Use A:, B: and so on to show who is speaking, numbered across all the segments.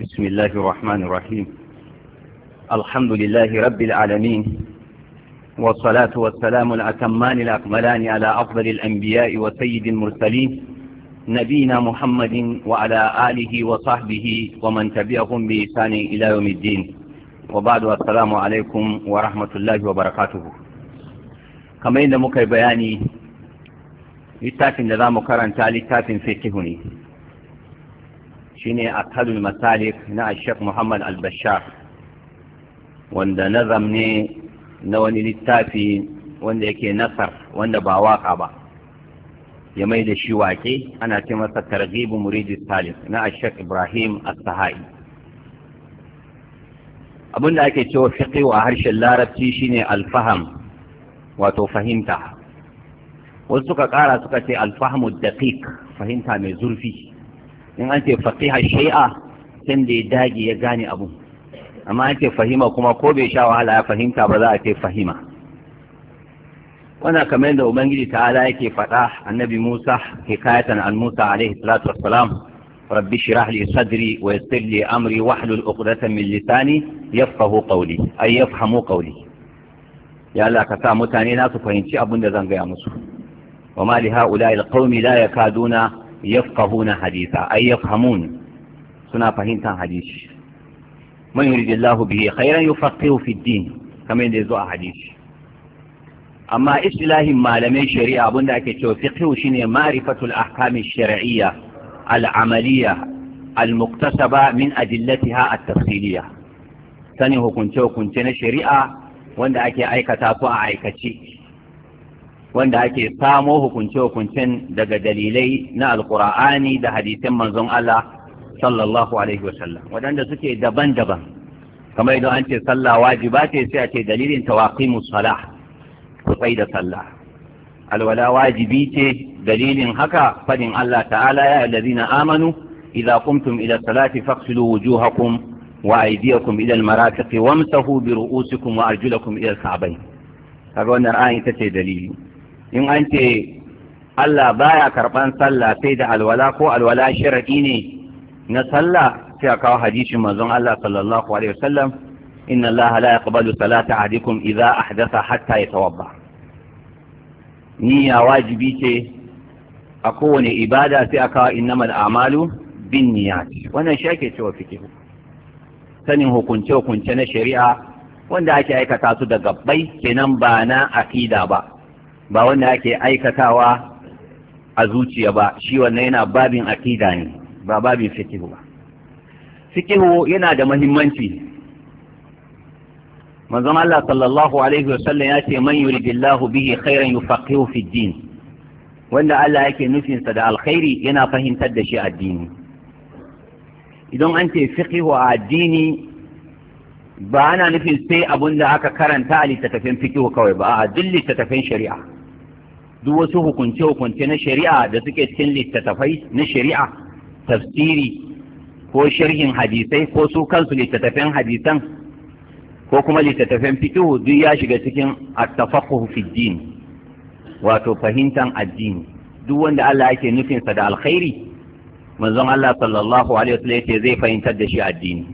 A: بسم الله الرحمن الرحيم الحمد لله رب العالمين والصلاة والسلام الأتمان الأكملان على أفضل الأنبياء وسيد المرسلين نبينا محمد وعلى آله وصحبه ومن تبعهم بإحسان إلى يوم الدين وبعد السلام عليكم ورحمة الله وبركاته كما إن مكي بياني littafin da za mu karanta shine akhalul masalik na Sheikh Muhammad albashar wanda nazam ne na wani littafi wanda yake nasar wanda ba waka ba ya mai da shi wake ana ce masa targhibu muridis salih na Sheikh Ibrahim As-Sahai abinda ake cewa fiqh a harshen larabci shine alfaham, wato fahimta wasu suka kara suka ce al daƙiƙ fahimta mai zurfi in an ce faqiha shay'a san da ya dage ya gane abu amma an ce fahima kuma ko bai sha wahala ya fahimta ba za a ce fahima wannan kamar yadda ubangiji ta'ala yake faɗa annabi Musa hikayatan an Musa alaihi salatu wassalam rabbi shrah li sadri wa yassir li amri wahlul uqdatan min lisani yafqahu qawli ay yafhamu qawli ya Allah ka sa mutane na su fahimci abin da zan gaya musu wa ma li ha'ula'i alqawmi la yakaduna yafahuna hadisa ay yafhamun suna fahimtar hadisi man yuridillahu bihi khairan yufaqihu fi din kamar yadda yazo a hadisi amma istilahin malamai shari'a abinda ake cewa fiqhu shine ma'rifatul ahkami shar'iyya al-amaliyya al-muktasaba min adillatiha at-tafsiliyya sani hukunce hukunce na shari'a wanda ake aikata su a aikace wanda ake samo hukunce-hukuncen daga dalilai na alkur'ani da hadisin manzon Allah sallallahu alaihi wasallam waɗanda suke daban-daban kamar idan an ce sallah wajiba ce sai a ce dalilin tawaqimu salah ku da sallah alwala wajibi ce dalilin haka fadin Allah ta'ala ya allazina amanu idza qumtum ila salati faghsilu wujuhakum wa aydiyakum ila almarafiq wamsahu bi ru'usikum wa arjulakum ila al-ka'bayn kaga wannan ayin ita ce dalili in an ce Allah baya karban sallah sai da alwala ko alwala sharadi ne na sallah sai a kawo hadisin manzon Allah sallallahu alaihi wasallam inna Allah la yaqbalu salata ahadikum idza ahdatha hatta yatawadda niyya wajibi ce a kowane ibada sai a kawo innamal amalu bin niyyat wannan shi ake cewa fiqh sanin hukunce hukunce na shari'a wanda ake aikata su da gabbai kenan ba na akida ba ba wanda ake aikatawa a zuciya ba shi wannan yana babin aqida ne ba babin fikihu ba fikihu yana da mahimmanci manzon Allah sallallahu alaihi wa sallam ya ce man yuridillahu bihi khairan yufaqihu fi din wanda Allah yake nufin sa da alkhairi yana fahimtar da shi addini idan an ce fikihu a addini ba ana nufin sai abun da aka karanta a littattafin fikihu kawai ba a duk littattafin shari'a duk wasu hukunce-hukunce na shari'a da suke cikin littattafai na shari'a tafsiri ko sharhin hadisai ko su kansu littattafan hadisan ko kuma littattafan fiqhu duk ya shiga cikin at fi din wato fahimtan addini duk wanda Allah yake nufin sa da alkhairi manzon Allah sallallahu alaihi wasallam zai fahimtar da shi addini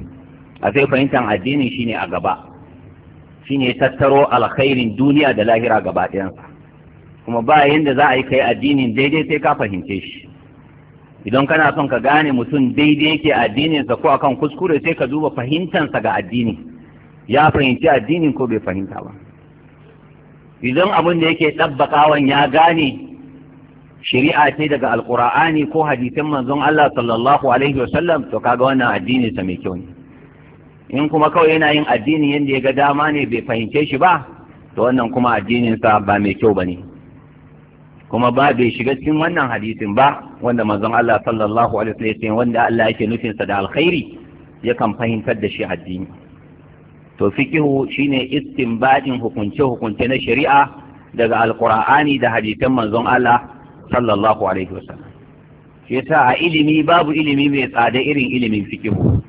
A: a sai fahimtan addini shine a gaba shine tattaro alkhairin duniya da lahira gaba ɗayansa kuma ba yanda za a yi kai addinin daidai sai ka fahimce shi idan kana son ka gane mutum daidai yake addininsa ko akan kuskure sai ka duba fahimtansa ga addini ya fahimci addinin ko bai fahimta ba idan abin da yake ɗabbaƙawan ya gane shari'a ce daga alƙur'ani ko hadisin manzon Allah sallallahu alaihi wasallam to kaga wannan addini sa mai kyau ne in kuma kawai yana yin addini yadda ya ga dama ne bai fahimce shi ba to wannan kuma addinin sa ba mai kyau ba ne. kuma ba bai shiga cikin wannan hadisin ba wanda manzon Allah sallallahu alaihi wasallam wanda Allah yake nufin sa da alkhairi ya kan fahimtar da shi addini to fikihu shine istinbadin hukunce hukunce na shari'a daga alqur'ani da hadisan manzon Allah sallallahu alaihi wasallam shi yasa a ilimi babu ilimi mai tsada irin ilimin fikihu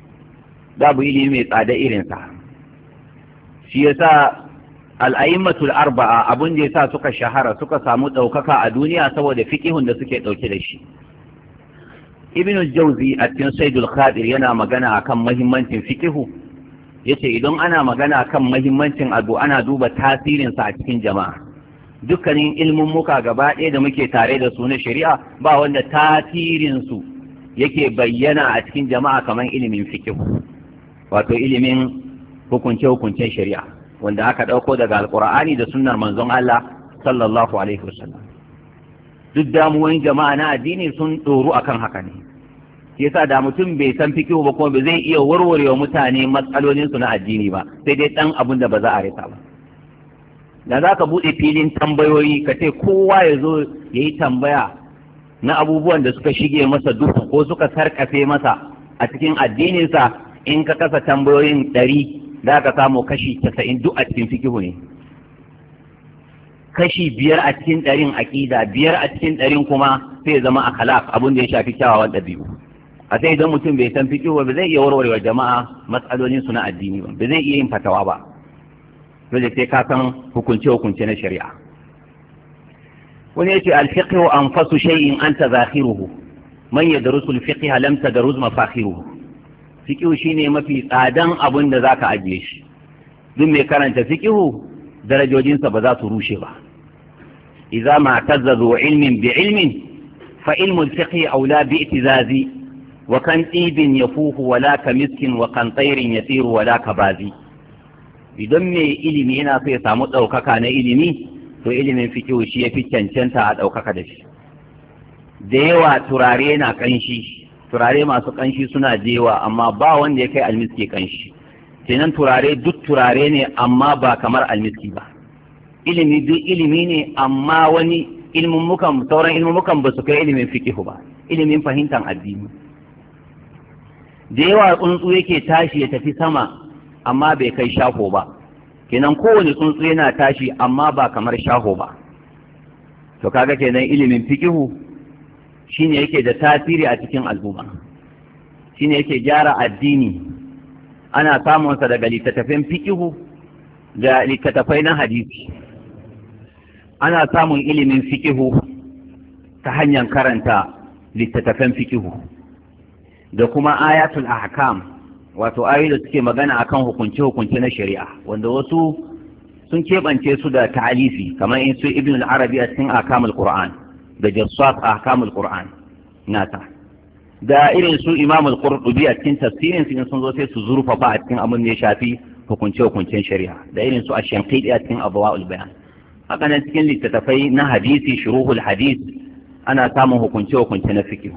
A: babu ilimi mai tsada irin sa shi yasa al'aimmatul arba'a abun da ya sa suka shahara suka samu ɗaukaka a duniya saboda fiƙihun da suke ɗauke da shi ibn jauzi a cikin saidul khadir yana magana akan mahimmancin fiqihu yace idan ana magana akan mahimmancin abu ana duba tasirinsa a cikin jama'a dukkanin ilmin muka gaba ɗaya da muke tare da su na shari'a ba wanda tasirinsu yake bayyana a cikin jama'a kamar ilimin fiƙihu, wato ilimin hukunce-hukuncen shari'a wanda aka ɗauko daga alƙur'ani da sunnar manzon Allah sallallahu alaihi wasallam duk damuwan jama'a na addini sun tsoro akan haka ne yasa da mutum bai san fikihu ba kuma bai zai iya warware wa mutane matsalolin su na addini ba sai dai ɗan abin da ba za a rika ba da za ka buɗe filin tambayoyi ka ce kowa ya zo ya yi tambaya na abubuwan da suka shige masa duhu ko suka sarkafe masa a cikin addininsa in ka kasa tambayoyin ɗari da aka samu kashi casa'in duk a cikin fikihu ne kashi biyar a cikin ɗarin aƙida biyar a cikin ɗarin kuma sai zama a kalaf abin da ya shafi kyawawan ɗabi'u a sai idan mutum bai san fikihu ba zai iya warwarewa jama'a matsalolin su na addini ba ba zai iya yin fatawa ba dole sai ka san hukunce hukunce na shari'a wani yace al an anfasu shay'in anta zakhiruhu man yadrusu al-fiqha lam tadruz mafakhiruhu fiƙihu shine mafi tsadan abin da za ka ajiye shi duk mai karanta fiƙihu darajojinsa ba za su rushe ba idza ma tazzazu ilmin bi ilmin fa ilmul fiqhi aula bi itizazi wa kan tibin yafuhu wala kamiskin wa kan tsairin yasiru wala kabazi idan mai ilimi yana so ya samu ɗaukaka na ilimi to ilimin fiƙihu shi ya fi cancanta a ɗaukaka da shi da yawa turare na ƙanshi turare masu kanshi suna jewa amma ba wanda ya kai almiski kanshi kenan turare duk turare ne amma ba kamar almiski ba ilimi duk ilimi ne amma wani mukan sauran mukan ba su kai ilimin fikihu ba ilimin fahimtar addini da tsuntsu yake tashi ya tafi sama amma bai kai shaho ba kenan kowane tsuntsu yana tashi amma ba kamar shaho ba to kaga kenan ilimin fikihu shine yake da tasiri a cikin al'umma shine yake gyara addini ana samunsa daga littattafan fikihu da littattafai na hadisi ana samun ilimin fikihu ta hanyar karanta littattafan fikihu da kuma ayatul ahkam wato ayoyi da suke magana akan hukunce-hukunce na shari'a wanda wasu sun keɓance su da ta'alifi kamar in su ibn al-arabi a cikin akamul qur'an da a ahkamul qur'an nata da irin su imamul al-qurtubi a cikin tafsirin su sun zo sai su zurfafa a cikin abin da ya shafi hukunce hukuncen shari'a da irin su ash-shanqidi a cikin abwaul bayan haka nan cikin littattafai na hadisi shuruhul hadis ana samun hukunce hukunce na fiqh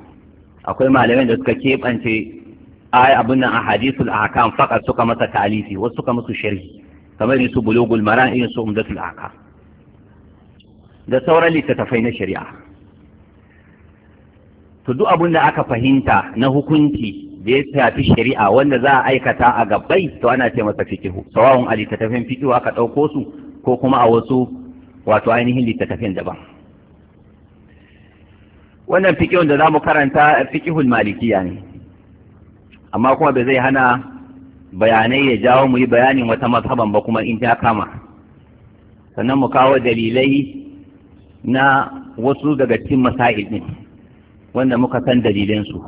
A: akwai malamai da suka keɓance ay abin nan a hadisul ahkam faqat suka masa talifi wasu suka musu sharhi kamar irin su bulugul maran irin su umdatul ahkam da sauran littattafai na shari'a to duk abin da aka fahimta na hukunci da ya shafi shari'a wanda za a aikata a gabbai to ana ce masa fikihu sawa'un a littattafin fikihu aka ɗauko su ko kuma a wasu wato ainihin littattafin daban wannan fikihun da za mu karanta fikihun malikiya ne amma kuma bai zai hana bayanai ya jawo mu yi bayanin wata mazhaban ba kuma in ta kama sannan mu kawo dalilai na wasu daga cikin masail ɗin wanda muka san dalilinsu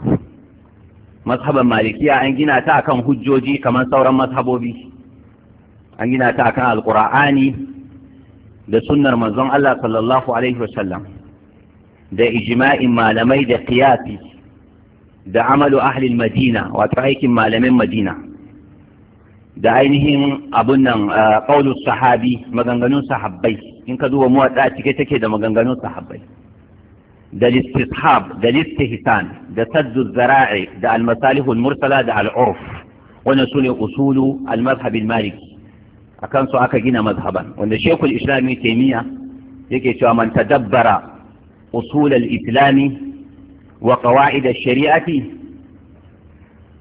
A: mazhaban malikiya an gina ta akan hujjoji kamar sauran mazhabobi an gina ta akan alkur'ani da sunnar manzon Allah sallallahu alaihi wasallam da ijma'in malamai da qiyasi da amalu ahli madina wato aikin malamin madina da ainihin abun nan qaulus sahabi maganganun sahabbai in ka duba muwatta cike take da maganganun sahabbai د الاستصحاب د الاستهسان د سد الذراعي د المصالح المرسله د العرف ونسوني اصول المذهب المالكي أكان سؤالك اكا جينا مذهبا وان الشيخ الاسلامي تيميه يكي شو من تدبر اصول الاسلام وقواعد الشريعه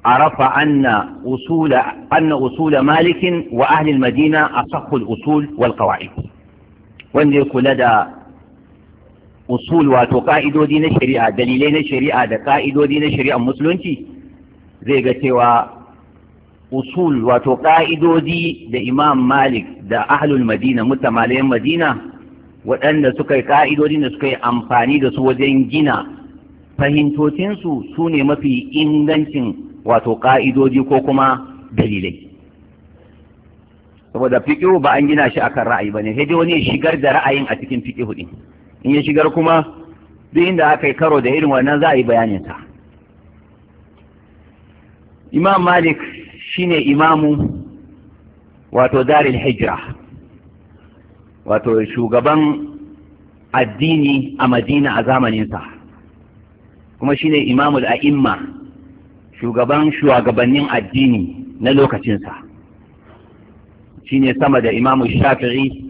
A: عرف ان اصول ان اصول مالك واهل المدينه اصح الاصول والقواعد وان يكون لدى usul wato ka'idodi na shari'a dalilai na shari'a da ka'idodi na shari'a musulunci zai ga cewa usul wato ka'idodi da imam malik da ahlul madina mutamalayan madina waɗanda suka yi ka'idodin da suka yi amfani da su wajen gina fahimtocinsu su ne mafi ingancin wato ka'idodi ko kuma dalilai saboda fiƙihu ba an gina shi akan ra'ayi ba ne sai dai wani shigar da ra'ayin a cikin fiƙihu ɗin in ya shigar kuma duk inda aka yi karo da irin wannan za a yi bayaninsa imam malik shine imamu wato daril hijira wato shugaban addini a madina a zamaninsa kuma shine imamul a'imma shugaban shugabannin addini na lokacinsa shine sama da imamu shafi'i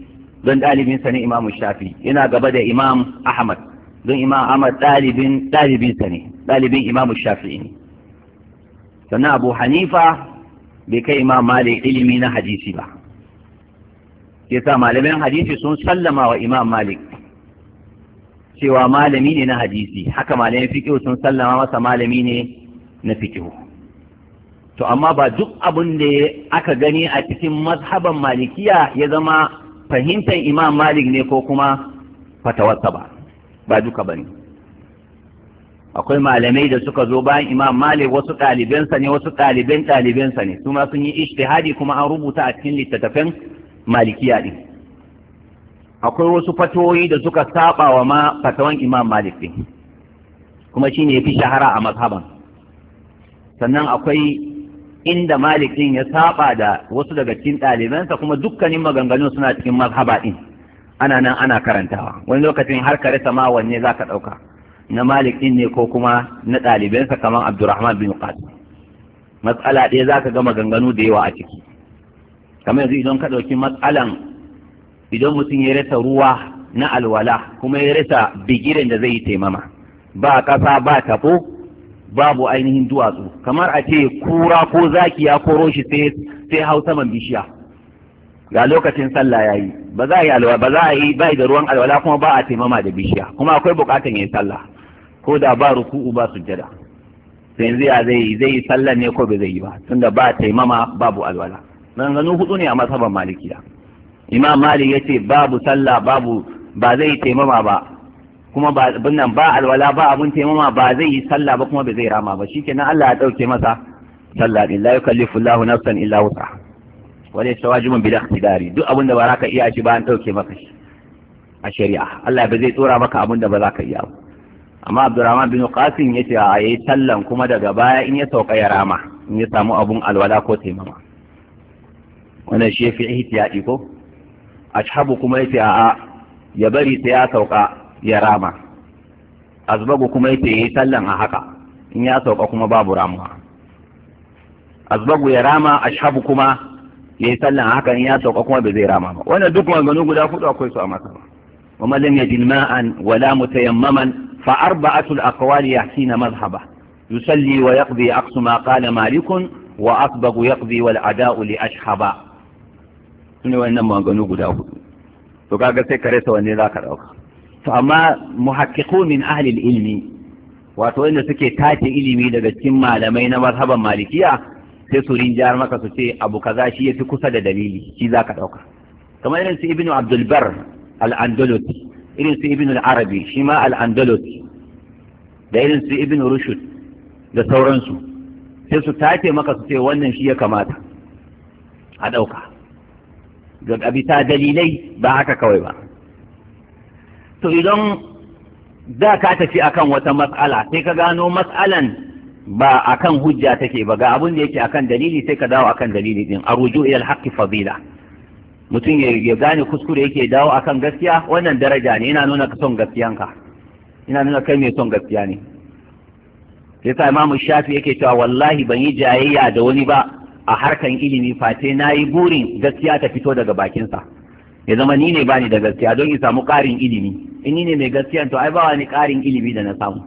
A: don ɗalibinsa ne imamu shafi yana gaba da imam ahmad don imam ahmad ɗalibin ɗalibinsa ne ɗalibin imamu shafi ne sannan abu hanifa bai kai imam malik ilimi na hadisi ba ke sa malamin hadisi sun sallama wa imam malik cewa malami ne na hadisi haka malamin fiƙihu sun sallama masa malami ne na fiƙihu to amma ba duk abin da aka gani a cikin mazhaban malikiya ya zama fahimtar imam malik ne ko kuma fatawarsa ba ba duka ba ne akwai malamai da suka zo bayan imam malik wasu ɗalibinsa ne wasu ɗaliban ɗalibinsa ne su ma sun yi ishtihadi kuma an rubuta a cikin littattafan malikiya ɗin akwai wasu fatoyi da suka saba wa ma fatawan imam malik ɗin kuma shine ya fi shahara a mazhaban sannan akwai inda Malik din ya saba da wasu daga cikin ɗalibansa kuma dukkanin maganganun suna cikin mazhaba din ana nan ana karantawa wani lokacin har ka rasa ma wanne ka ɗauka na Malik din ne ko kuma na ɗalibansa kamar Abdurrahman bin Qasim matsala ɗaya za ka ga maganganu da yawa a ciki kamar yanzu idan ka ɗauki matsalan idan mutum ya rasa ruwa na alwala kuma ya rasa bigiren da zai yi taimama ba ƙasa ba tabo babu ainihin duwatsu kamar a ce kura ko zaki ya koro shi sai hau saman bishiya ga lokacin sallah ya yi ba za a yi alwala ba za a yi bai da ruwan alwala kuma ba a taimama da bishiya kuma akwai bukatan ya yi sallah ko da ba ruku'u ba sujjada sai zai zai zai zai yi sallah ne ko bai zai yi ba tunda ba taimama babu alwala zanganu hudu ne a masaban malikiya imam malik ya ce babu sallah babu ba zai taimama ba kuma ba nan ba alwala ba abun taimama ba zai yi sallah ba kuma ba zai rama ba shikenan Allah ya dauke masa sallah din la yukallifu Allahu nafsan illa wusa wala tawajibun bil ikhtidari duk abun da ba ka iya shi ba an dauke maka shi a shari'a Allah ba zai tsora maka abun da ba za ka iya ba amma Abdurrahman bin Qasim yace a yayi sallan kuma daga baya in ya sauka ya rama in ya samu abun alwala ko taimama wannan shi ya fi ihtiyadi ko ashabu kuma yace a'a ya bari sai ya sauka ya rama azbagu kuma yace yayi sallan a haka in ya sauka kuma babu ramuwa azbagu ya rama ashabu kuma yayi sallan a haka in ya sauka kuma bai zai rama ba wannan duk maganganu guda hudu akwai su a masa wa man lam yajid ma'an wala mutayammaman fa arba'atu al-aqwal yahsina madhhaba yusalli wa yaqdi aqsu ma qala malikun wa asbagu yaqdi wal ada'u li ashhaba sune wannan maganganu guda hudu to kaga sai ka rasa wanne zaka dauka to amma muhaqqiqu min ahli ilmi wato wanda suke tace ilimi daga cikin malamai na mazhaban malikiya sai su rinjar maka su ce abu kaza shi yafi kusa da dalili shi zaka dauka kamar irin su ibnu abdul bar al-andalusi irin su ibnu al-arabi shi ma al-andalusi da irin su ibnu rushd da sauransu sai su tace maka su ce wannan shi ya kamata a dauka ga abi ta dalilai ba haka kawai ba to idan da ka tafi akan wata matsala sai ka gano matsalan ba akan hujja take ba ga abin da yake akan dalili sai ka dawo akan dalili din aruju ila alhaqi fadila mutum ya gane kuskure yake dawo akan gaskiya wannan daraja ne ina nuna son gaskiyanka ina nuna kai mai son gaskiya ne sai sa imamu shafi yake cewa wallahi ban yi jayayya da wani ba a harkan ilimi face na yi burin gaskiya ta fito daga bakinsa ya zama ni ne bani da gaskiya don in samu ƙarin ilimi Ini ne mai gaskiya to ai ba wani ƙarin ilimi da na samu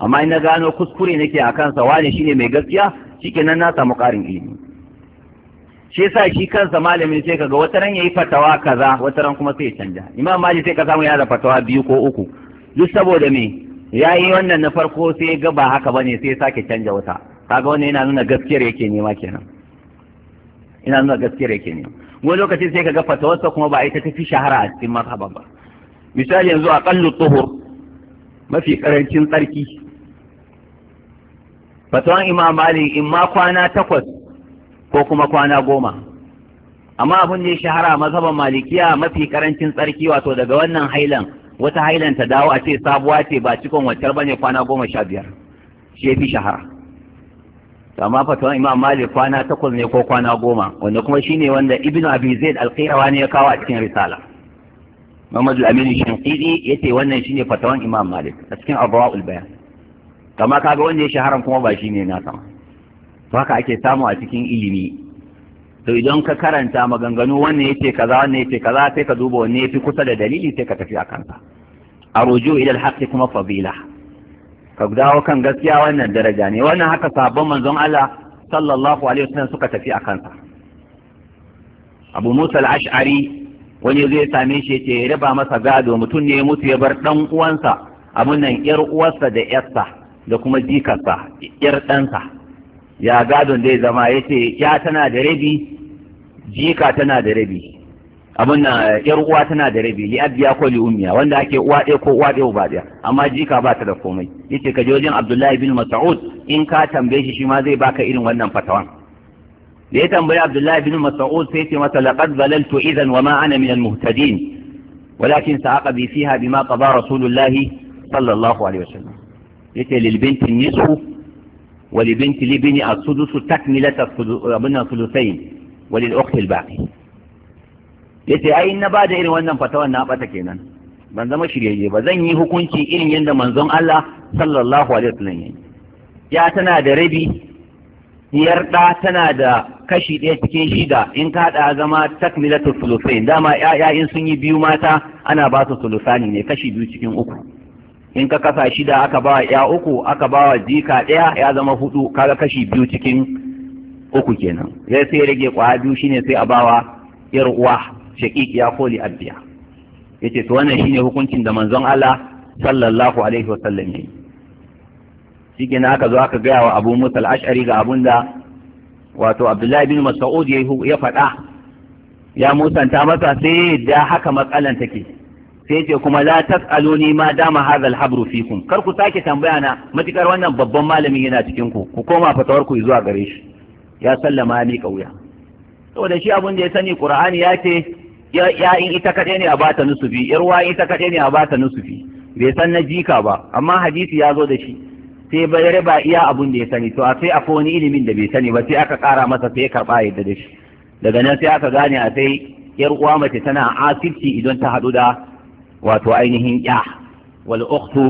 A: amma ina gano kuskure nake a kansa Wani shine mai gaskiya shikenan na samu ƙarin ilimi shi yasa shi kansa malamin sai kaga wata ran yayi fatawa kaza wata ran kuma sai ya canja imam malik sai ka samu yana da fatawa biyu ko uku duk saboda me yayi wannan na farko sai ga ba haka bane sai ya sake canja wata kaga wannan yana nuna gaskiyar yake nema kenan ina nuna gaskiyar yake nema wani lokaci sai kaga fatawarsa kuma ba ita tafi shahara a cikin mazhaban ba misali yanzu a kallu tuhur mafi karancin tsarki fatawan imam mali in ma kwana takwas ko kuma kwana goma amma abin da ya shahara mazhaban malikiya mafi karancin tsarki wato daga wannan hailan wata hailan ta dawo a ce sabuwa ce ba cikon wancan bane kwana goma sha biyar shi ya fi shahara amma fatawan imam mali kwana takwas ne ko kwana goma wanda kuma shine wanda ibnu abi zaid al ne ya kawo a cikin risala Muhammadu Aminu ya yace wannan shine fatawan Imam Malik a cikin Adwa'ul Bayan kama kaga wanda ya shaharan kuma ba shine na sama to haka ake samu a cikin ilimi to idan ka karanta maganganu wannan yace kaza wannan yace kaza sai ka duba wanne yafi kusa da dalili sai ka tafi a kansa a ruju ila al kuma fadila ka dawo kan gaskiya wannan daraja ne wannan haka sabon manzon Allah sallallahu alaihi wasallam suka tafi a kansa Abu Musa al-Ash'ari wani zai same shi ce ya raba masa gado mutum ne ya mutu ya bar dan uwansa abun nan yar uwarsa da yarsa da kuma jikarsa yar ɗansa ya gadon zai zama ya ce ya tana da rabi jika tana da rabi abun nan yar uwa tana da rabi li abiya ko li ummiya wanda ake uwa ɗaya ko uwa ɗaya ba ɗaya amma jika ba ta da komai yace ka je wajen Abdullahi bin Mas'ud in ka tambaye shi shi ma zai baka irin wannan fatawan da ya tambayi abdullahi bin mas'ud sai ce masa laqad zalaltu idan wa ma ana min al-muhtadin walakin sa'aqa bi fiha bima qada rasulullahi sallallahu alaihi wasallam yace lil binti nisfu wa li binti libni as-sudus takmilat abuna thuluthayn wa lil ukhti al-baqi yace ai in na bada irin wannan fatawan na bata kenan ban zama shiryayye ba zan yi hukunci irin yadda manzon Allah sallallahu alaihi wasallam ya tana da rabi diyar ɗa tana da kashi ɗaya cikin shida in ka haɗa zama takmilatu sulusain dama ƴaƴa in sun yi biyu mata ana ba su sulusani ne kashi biyu cikin uku in ka kasa shida aka ba ya uku aka ba wa jika ɗaya ya zama hudu kaga kashi biyu cikin uku kenan zai sai rage kwaya biyu shine sai a bawa yar uwa shaqiqiya ko li abiya yace to wannan shine hukuncin da manzon Allah sallallahu alaihi wasallam yayi shi aka zo aka gaya wa abu musa al'ashari ga abun da wato abdullahi bin Masa'ud ya faɗa ya musanta masa sai da haka matsalan take sai ce kuma la tas'aluni ma dama hadha al-habru fikum kar ku sake tambaya na matukar wannan babban malamin yana cikin ku koma fatawar ku zuwa gare shi ya sallama ni kauya saboda shi abun da ya sani qur'ani ya ce ya in ita kaɗai ne a bata nusufi yar wa ita kaɗai ne a bata nusufi bai san na jika ba amma hadisi ya zo da shi sai bayar ba iya abun da ya sani to a sai akwai wani ilimin da bai sani ba sai aka kara masa sai ya karba yadda da shi daga nan sai aka gane a sai yar uwa mace tana asibci idan ta haɗu da wato ainihin ya wal ukhtu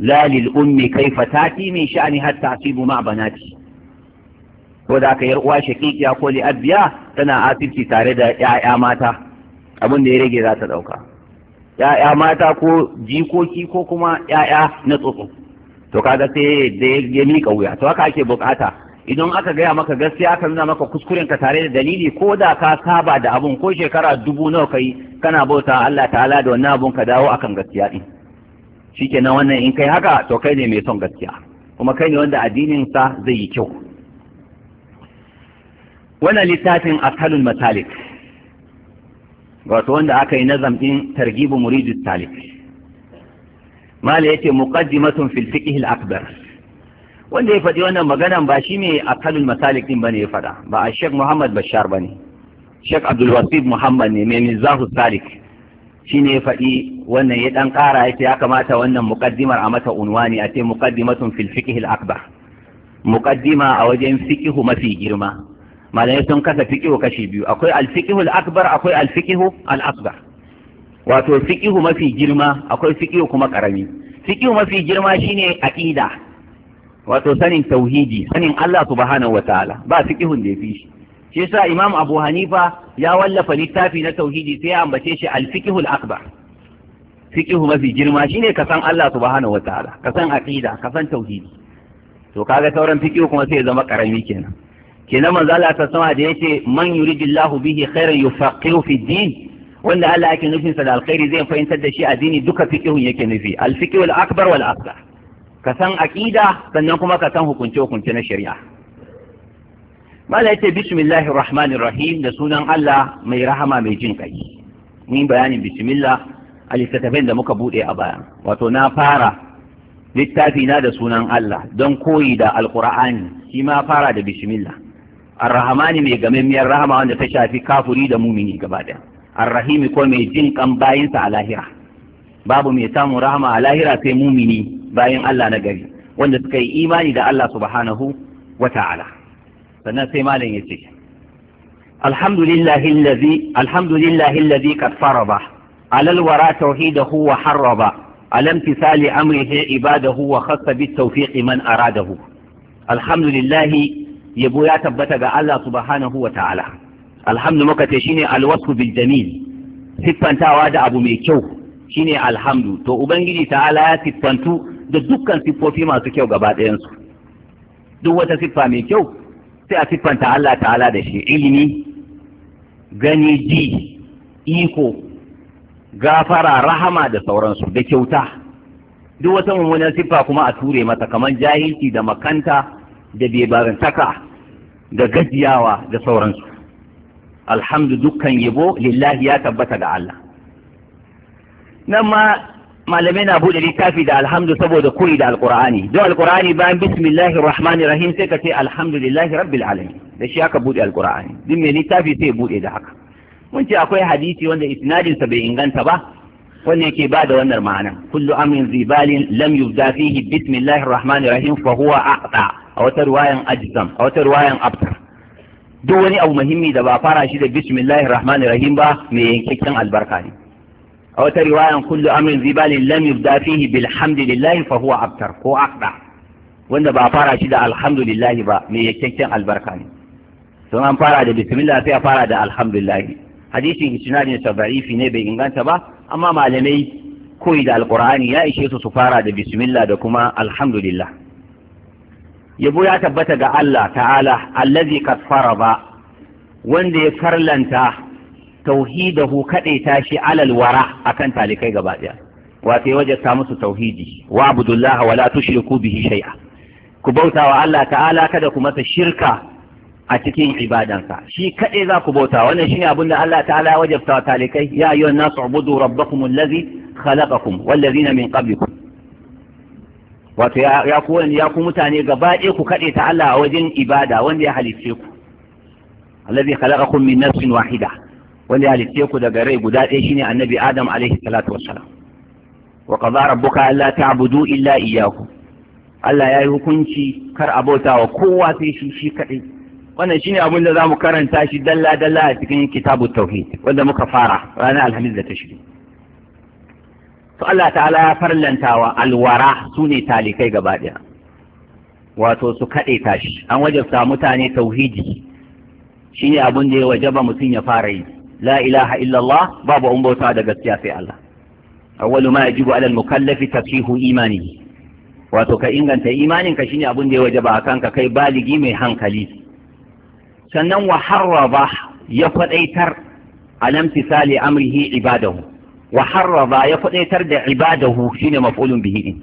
A: la lil ummi kaifa tati min sha'ni hatta asibu ma banati ko da aka yar uwa shaqiqiya ko li abiya tana asibci tare da ya'ya mata Abun da ya rage za ta dauka ya'ya mata ko jikoki ko kuma ya'ya na tsotso to kaga sai da ya miƙa wuya to haka ake bukata idan aka gaya maka gaskiya aka nuna maka kuskuren ka tare da dalili ko da ka saba da abun ko shekara dubu nawa kai kana bauta Allah ta'ala da wannan abun ka dawo akan gaskiya din shikenan wannan in kai haka to kai ne mai son gaskiya kuma kai ne wanda addinin sa zai yi kyau wannan littafin akalul matalik wato wanda aka yi nazam din targibu muridu talik mala yace muqaddimatun fil fiqh al akbar wanda ya faɗi wannan magana ba shine akalul masalik din bane ya faɗa ba a Sheikh Muhammad Bashar bane Sheikh Abdul Wasif Muhammad ne mai mizahu salik shine ya faɗi wannan ya dan ƙara yace ya kamata wannan muqaddimar a mata unwani a ce muqaddimatun fil fiqh al akbar muqaddima a wajen fiqh mafi girma malamai sun kasa fiqh kashi biyu akwai al fiqh al akbar akwai al fiqh al akbar wato fiqihu mafi girma akwai fiqihu kuma karami fiqihu mafi girma shine aqida wato sanin tauhidi sanin Allah subhanahu wataala ba fiqihun da yafi shi shi yasa Imam Abu Hanifa ya wallafa littafi na tauhidi sai ya ambace shi al-fiqhu al-akbar fiqihu mafi girma shine ka san Allah subhanahu wataala ka san aqida ka san tauhidi to kaga sauran fiqihu kuma sai ya zama karami kenan kenan manzo Allah ta sama da yace man yuridillahu bihi khairan yufaqihu fi din wanda Allah yake nufinsa da alkhairi zai fahimtar da shi addini duka fikihun yake nufi al-fiqhul akbar wal asghar ka san aqida sannan kuma ka san hukunce hukunce na shari'a mala yace bismillahir rahmanir rahim da sunan Allah mai rahama mai jin kai ni bayanin bismillah a da muka bude a baya wato na fara littafi na da sunan Allah don koyi da alqur'ani shi ma fara da bismillah ar-rahmani mai gamemmiyar rahama wanda ta shafi kafuri da mumini gaba daya arrahimi ko mai jin kan bayinsa a lahira babu mai samun rahama a lahira sai mumini bayan Allah na gari wanda suka yi imani da Allah subhanahu wa ta'ala sannan sai malam ya ce alhamdulillahi allazi alhamdulillahi allazi qad faraba alal wara tauhidahu wa harraba على امتثال أمره عباده وخص بالتوفيق من أراده الحمد لله يبو يا تبتا الله سبحانه وتعالى alhamdu muka ce shine alwasfu bil jamil siffantawa da abu mai kyau shine alhamdu to ubangiji ta'ala ya siffantu da dukkan siffofi masu kyau gaba su duk wata siffa mai kyau sai a siffanta Allah ta'ala da shi ilimi gani ji iko gafara rahama da sauransu da kyauta duk wata mummunan siffa kuma a ture masa kamar jahilci da makanta da bebarantaka da gajiyawa da sauransu alhamdu dukkan yabo lillahi ya tabbata da Allah nan ma malamai na bude littafi da alhamdu saboda koyi da alqur'ani don alqur'ani bayan bismillahir rahmanir rahim sai ka ce alhamdulillahi rabbil alamin da shi aka bude alqur'ani din mai littafi sai bude da haka mun ce akwai hadisi wanda isnadin sa bai inganta ba wanda yake ba da wannan ma'ana kullu amrin zibalin lam yubda fihi bismillahir rahmanir rahim fa huwa aqta a wata riwayan ajzam a wata riwayan abtar duk wani abu muhimmi da ba fara shi da bismillahir rahmanir rahim ba mai yankakken albarka ne a wata riwayan kullu amrin zibalin lam yubda fihi bilhamdulillah fa huwa abtar ko aqda wanda ba fara shi da alhamdulillah ba mai yankakken albarka ne don an fara da bismillah sai a fara da alhamdulillah hadisin isnadi sa da'ifi ne bai inganta ba amma malamai koyi da alqur'ani ya ishe su su fara da bismillah da kuma alhamdulillah yabo ya tabbata ga Allah ta'ala allazi kasfara ba wanda ya farlanta tauhidahu kadaita shi alal wara akan talikai gaba daya wato ya wajabta musu tauhidi wa abdullah wa la tushriku bihi shay'a ku bauta wa Allah ta'ala kada ku masa shirka a cikin ibadansa shi kaɗai za ku bauta wannan shine abin da Allah ta'ala ya wajabta wa talikai ya ayyuhan nasu ubudu rabbakum allazi khalaqakum wallazina min qablikum wato ya koyan ya ku mutane gaba ɗaya ku kaɗe ta Allah a wajen ibada wanda ya halitce ku allazi khalaqakum min nafsin wahida wanda ya halitce ku daga rai guda ɗaya shine annabi adam alaihi salatu wassalam wa qadara rabbuka alla ta'budu illa iyyahu Allah ya yi hukunci kar a bauta wa kowa sai shi shi kaɗai wannan shine abin da zamu karanta shi dalla dalla a cikin kitabut tauhid wanda muka fara ranar alhamis da ta shirya to Allah ta'ala ya farlantawa alwara su ne talikai gaba ɗaya wato su kaɗe tashi an wajabta mutane tauhidi shine abin da ya wajaba mutum ya fara yi la ilaha illallah babu an bauta da gaskiya sai Allah awwalu ma yajibu ala al-mukallafi tashihu wato ka inganta imaninka shine abin da ya wajaba akan ka kai baligi mai hankali sannan wa harraba ya faɗaitar alam tisali amrihi ibadahu wa harraba ya kudaitar da ibadahu shine maf'ulun bihi din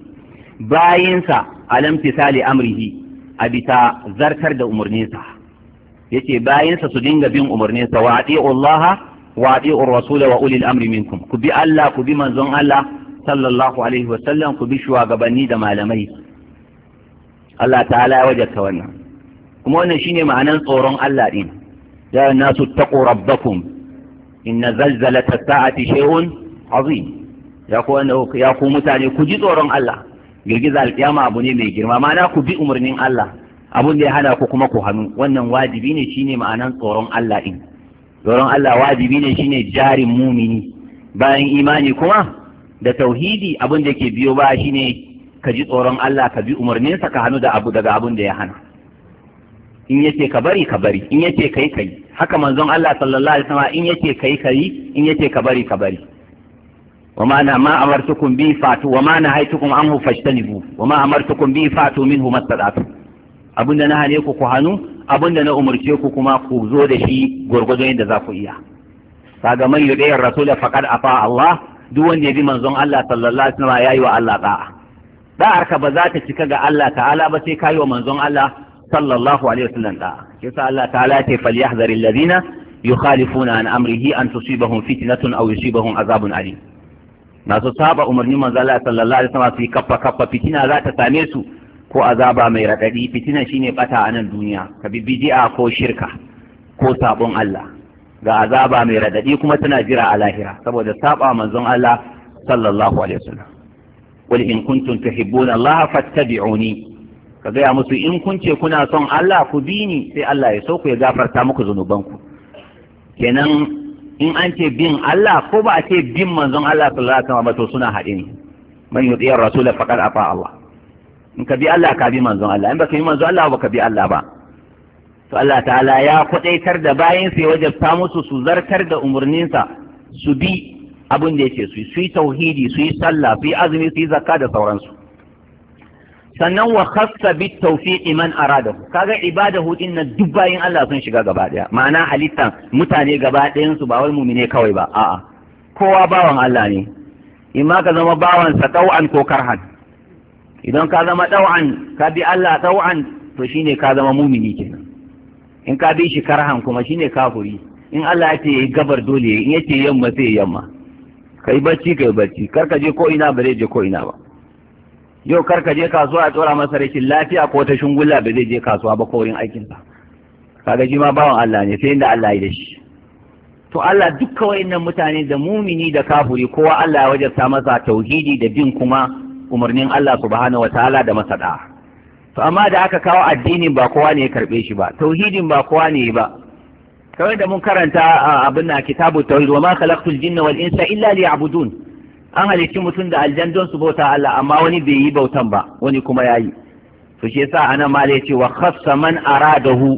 A: bayinsa alam tisali amrihi a bisa zartar da umarninsa yace bayinsa su dinga bin umarninsa wa ati'u Allah wa ati'u Rasul wa ulil amri minkum ku bi Allah ku bi manzon Allah sallallahu alaihi wa sallam ku bi shuwagabanni da malamai Allah ta'ala ya wajabta wannan kuma wannan shine ma'anan tsoron Allah din ya nasu taqu rabbakum inna zalzalata sa'ati shay'un azim ya ku wanda ya ku mutane ku ji tsoron Allah girgiza alƙiyama abu ne mai girma ma'ana ku bi umarnin Allah abun da ya hana ku kuma ku hannu wannan wajibi ne shine ma'anan tsoron Allah din tsoron Allah wajibi ne shine jarin mumini bayan imani kuma da tauhidi abin da ke biyo ba shine ka ji tsoron Allah ka bi umarninsa ka hannu da abu daga abin da ya hana in yace ka bari ka bari in yace kai kai haka manzon Allah sallallahu alaihi wasallam in yace kai kai in yace ka bari ka bari وما أنا ما أمرتكم به فاتوا وما نهيتكم عنه فاجتنبوا وما أمرتكم به فاتوا منه ما استطعتم abin da na hane ku ku hannu abin da na umarce ku kuma ku zo da shi gwargwadon yadda za ku iya kaga man yudayar rasul faqad afa Allah duk ya bi manzon Allah sallallahu alaihi wasallam yayi wa Allah da'a da'ar ka ba za ta cika ga Allah ta'ala ba sai yi wa manzon Allah sallallahu alaihi wasallam da'a yasa Allah ta'ala ya ce falyahzaril azabun masu saba umarnin manzo sallallahu alaihi wasallam su yi kaffa kaffa fitina za ta same su ko azaba mai radadi fitina shine bata a nan duniya ka bi bid'a ko shirka ko sabon Allah ga azaba mai radadi kuma tana jira a lahira saboda saba manzon Allah sallallahu alaihi wasallam qul in kuntum tuhibbuna Allah fattabi'uni ka gaya musu in kun ce kuna son Allah ku bi ni sai Allah ya so ku ya gafarta muku zunubanku kenan in an ce bin Allah ko ba a ce bin manzon Allah sallallahu alaihi wasallam ba to suna haɗe ne man yuti'ir rasul faqad afa Allah in ka bi Allah ka bi manzon Allah in baka bi manzon Allah ba ka bi Allah ba to Allah ta'ala ya kudaitar da bayin sai wajabta musu su zartar da umarninsa su bi abin da yake su yi tauhidi su yi sallah su yi azumi su yi zakka da sauransu sannan wa khassa bit tawfiqi man arada kaga ibadahu din nan duk bayin Allah sun shiga gaba daya ma'ana halittan mutane gaba dayan su ba wai mu'mine kawai ba a'a kowa bawan Allah ne in ma ka zama bawan sa tau'an ko karhan idan ka zama tau'an ka bi Allah tau'an to shine ka zama mu'mini kenan in ka bi shi karhan kuma shine kafuri in Allah ya ce gabar dole in yace yamma sai yamma kai bacci kai bacci karka ka je ko ina bare je ko ina ba yau kar ka je kasuwa a tsora masa rashin lafiya ko ta shungulla ba zai je kasuwa ba ko wurin aikinsa kaga shi ma bawan Allah ne sai inda Allah ya da shi to Allah dukkan wayannan mutane da mumini da kafuri kowa Allah ya wajarta masa tauhidi da bin kuma umarnin Allah subhanahu wataala da masa da'a to amma da aka kawo addini ba kowa ne ya karbe shi ba tauhidin ba kowa ne ba kawai da mun karanta abin na kitabu tauhid wa ma khalaqtul jinna wal insa illa liya'budun an halicci mutum da aljan don su bauta Allah amma wani bai yi bautan ba wani kuma yayi to shi yasa anan ma ya ce wa khassa man aradahu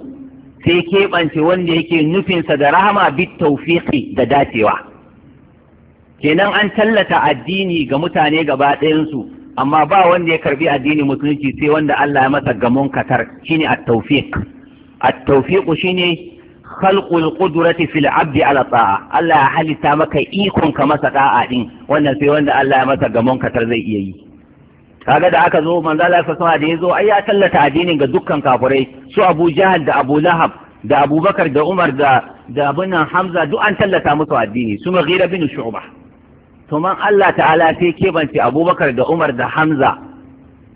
A: sai keɓance wanda yake nufinsa da rahama bi tawfiqi da dacewa kenan an tallata addini ga mutane gaba ɗayansu amma ba wanda ya karbi addini musulunci sai wanda Allah ya masa gamon katar shine at-tawfiq at-tawfiq shine khalqul qudrati fil abdi ala ta'a Allah ya halitta maka ikon ka masa da'a din wannan sai wanda Allah ya masa gamon tar zai iya yi kaga da aka zo manzo Allah sallallahu alaihi da yazo ai ya tallata addinin ga dukkan kafirai su Abu Jahal da Abu Lahab da Abubakar da Umar da da abunan Hamza duk an tallata musu addini su Mughira bin Shu'ba to man Allah ta'ala sai Abu Abubakar da Umar da Hamza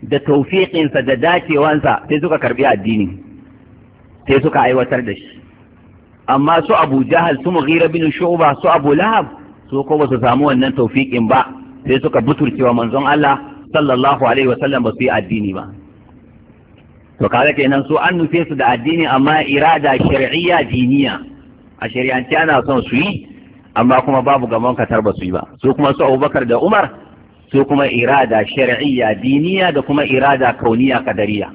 A: da taufiƙinsa da dacewansa sai suka karbi addini sai suka aiwatar da shi amma su abu jahal su mughira bin shu'ba su abu lahab su ko ba su samu wannan taufiƙin ba sai suka buturcewa manzon Allah sallallahu alaihi wasallam ba su yi addini ba to kaga kenan su an nufe su da addini amma irada shar'iyya diniya a shari'ance ana son su yi amma kuma babu gaban katar ba su yi ba su kuma su Abubakar da Umar su kuma irada shar'iyya diniya da kuma irada kauniya kadariya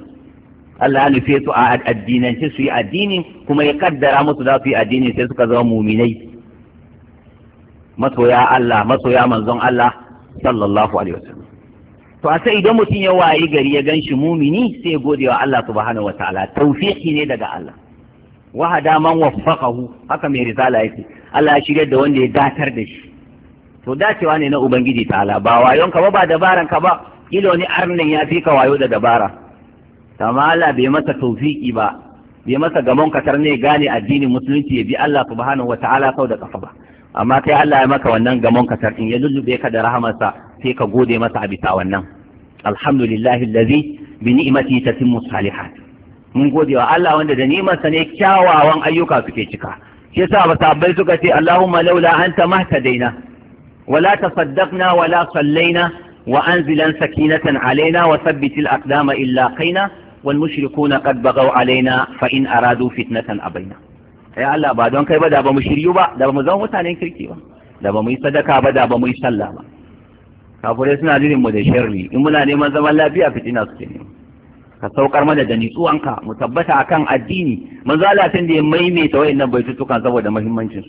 A: Allah ya nufe su a addinance su yi addini kuma ya kaddara musu za su yi addini sai suka zama muminai masoya Allah masoya manzon Allah sallallahu alaihi wasallam to a sai idan mutum ya wayi gari ya ganshi mumini sai gode wa Allah subhanahu wataala tawfiqi ne daga Allah wahada man waffaqahu haka mai risala yake Allah ya shirya da wanda ya datar da shi to dacewa ne na ubangiji ta'ala ba wayonka ba ba dabaranka ba kilo ne arnin ya fi ka wayo da dabara amma bai masa tawfiki ba bai masa gamon katar ne gane addinin musulunci ya bi Allah subhanahu wataala sau da kafa ba amma kai Allah ya maka wannan gamon katar in ya lullube ka da rahamarsa sai ka gode masa a bisa wannan alhamdulillahi allazi bi ni'mati tatimmu salihat mun gode wa Allah wanda da nimarsa ne kyawawan ayyuka suke cika shi yasa ba suka ce Allahumma laula anta mahtadaina wala tasaddaqna wala sallaina wa anzilan sakinatan alaina wa thabbitil aqdama illa qaina والمشركون قد بغوا علينا فإن أرادوا فتنة أبينا يا الله بعد أن كيبدا بمشريو با دا بمزون وتانين كركي با da ba mu yi sadaka ba da ba mu yi sallah ba kafirai suna jirin mu da sharri in muna neman zaman lafiya fitina su ne ka saukar mana da nitsuwanka mu tabbata akan addini manzo da ya maimaita wayannan baitutukan saboda muhimmancin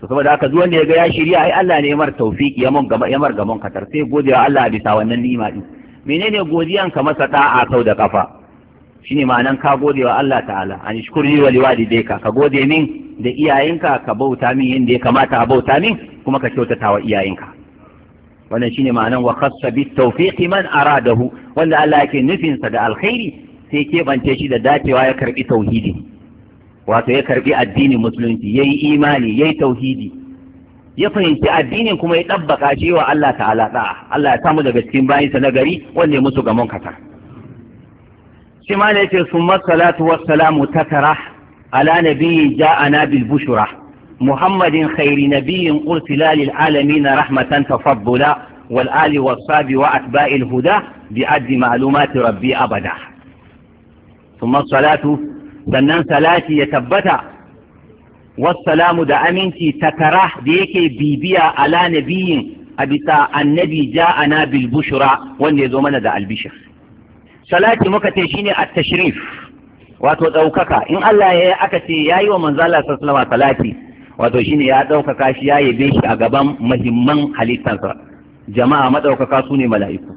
A: to saboda haka zuwan wanda ya ga ya shirya ai Allah ne ya mar tawfiki ya mun gaba ya mar gaban katar sai godiya Allah bisa wannan ni'ima din menene godiyan ka masa da'a sau da kafa shine ma'anan ka gode wa Allah ta'ala an shukuri wa liwalidayka ka gode min da iyayenka ka bauta min yadda ya kamata a bauta min kuma ka kyautata wa iyayenka wannan shine ma'anan wa khassa bit tawfiqi man aradahu wanda Allah yake nufin sa da alkhairi sai keɓance shi da dacewa ya karbi tauhidi wato ya karbi addinin musulunci yayi imani yayi tauhidi ya fahimci addinin kuma ya ɗabbaka shi wa Allah ta'ala da'a Allah ya samu daga cikin bayansa na gari wanda ya musu gamon kasar shi ma ne yake sun masalatu wassalamu takara ala nabiyyi ja'ana bil bushura muhammadin khairi nabiyyin ursila lil alamin rahmatan tafabbula wal ali wasabi wa atba'il huda bi addi ma'lumati rabbi abada thumma salatu sannan salati ya tabbata wassalamu da aminci takara da yake bibiya ala nabiyyin a bisa annabi ja'ana bil bushura wanda ya zo mana da albishir salati muka ce shine at-tashrif wato ɗaukaka in Allah ya aka ce ya yi wa manzala sallama salati wato shine ya ɗaukaka shi ya yabe shi a gaban mahimman halittansa jama'a maɗaukaka su ne mala'iku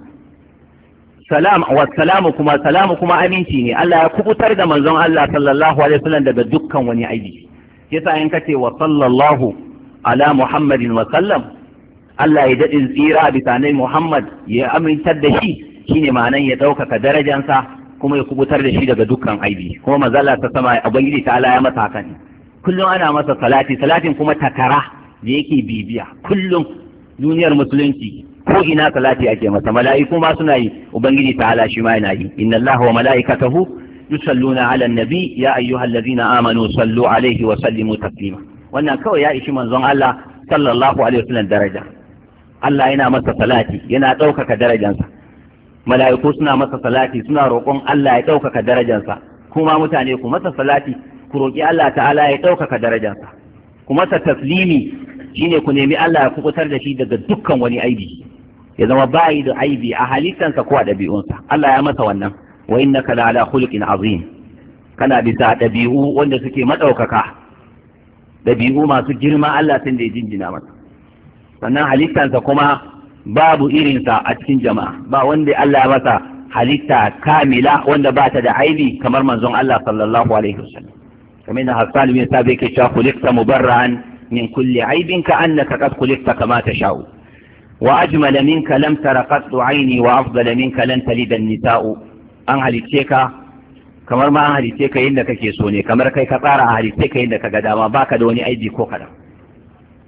A: salam wa salamu kuma salamu kuma aminci ne Allah ya kubutar da manzon Allah sallallahu alaihi wasallam daga dukkan wani aibi yasa in kace wa sallallahu ala muhammadin wa sallam Allah ya dadin tsira bisa Muhammad ya amintar da shi shine ma'anan ya ɗaukaka darajansa kuma ya kubutar da shi daga dukkan aibi kuma mazala ta sama ubangiji ta ala ya masa hakan kullum ana masa salati salatin kuma takara da yake bibiya kullum duniyar musulunci ko ina salati ake masa mala'iku ma suna yi ubangiji ta ala shi ma yana yi inna allaha wa mala'ikatahu yusalluna ala nabi ya ayyuhallazina amanu sallu alaihi wa sallimu taslima wannan kawai ya ishi manzon Allah sallallahu alaihi wasallam daraja Allah yana masa salati yana ɗaukaka darajansa mala'iku suna masa salati suna roƙon Allah ya ɗaukaka darajarsa kuma mutane ku masa salati ku roƙi Allah ta'ala ya ɗaukaka darajarsa ku masa taslimi shine ku nemi Allah ya kubutar da shi daga dukkan wani aibi ya zama bayi da aibi a halittansa ko a ɗabi'unsa Allah ya masa wannan wa innaka la ala khuluqin azim kana bisa ɗabi'u wanda suke maɗaukaka ɗabi'u masu girma Allah sun da ya jinjina masa sannan halittansa kuma babu irinsa a cikin jama'a ba wanda Allah ya masa halitta kamila wanda ba ta da aibi kamar manzon Allah sallallahu alaihi wasallam kamar da Hassan bin Sabi ke cewa kulikta mubarra'an min kulli aibin ka annaka qad kulikta kama tasha'u wa ajmala minka lam tara qattu aini wa afdala minka lan talida nisa'u an halicce ka kamar ma an halicce ka yadda kake so ne kamar kai ka tsara a halicce ka yadda ka ga dama baka da wani aibi ko kadan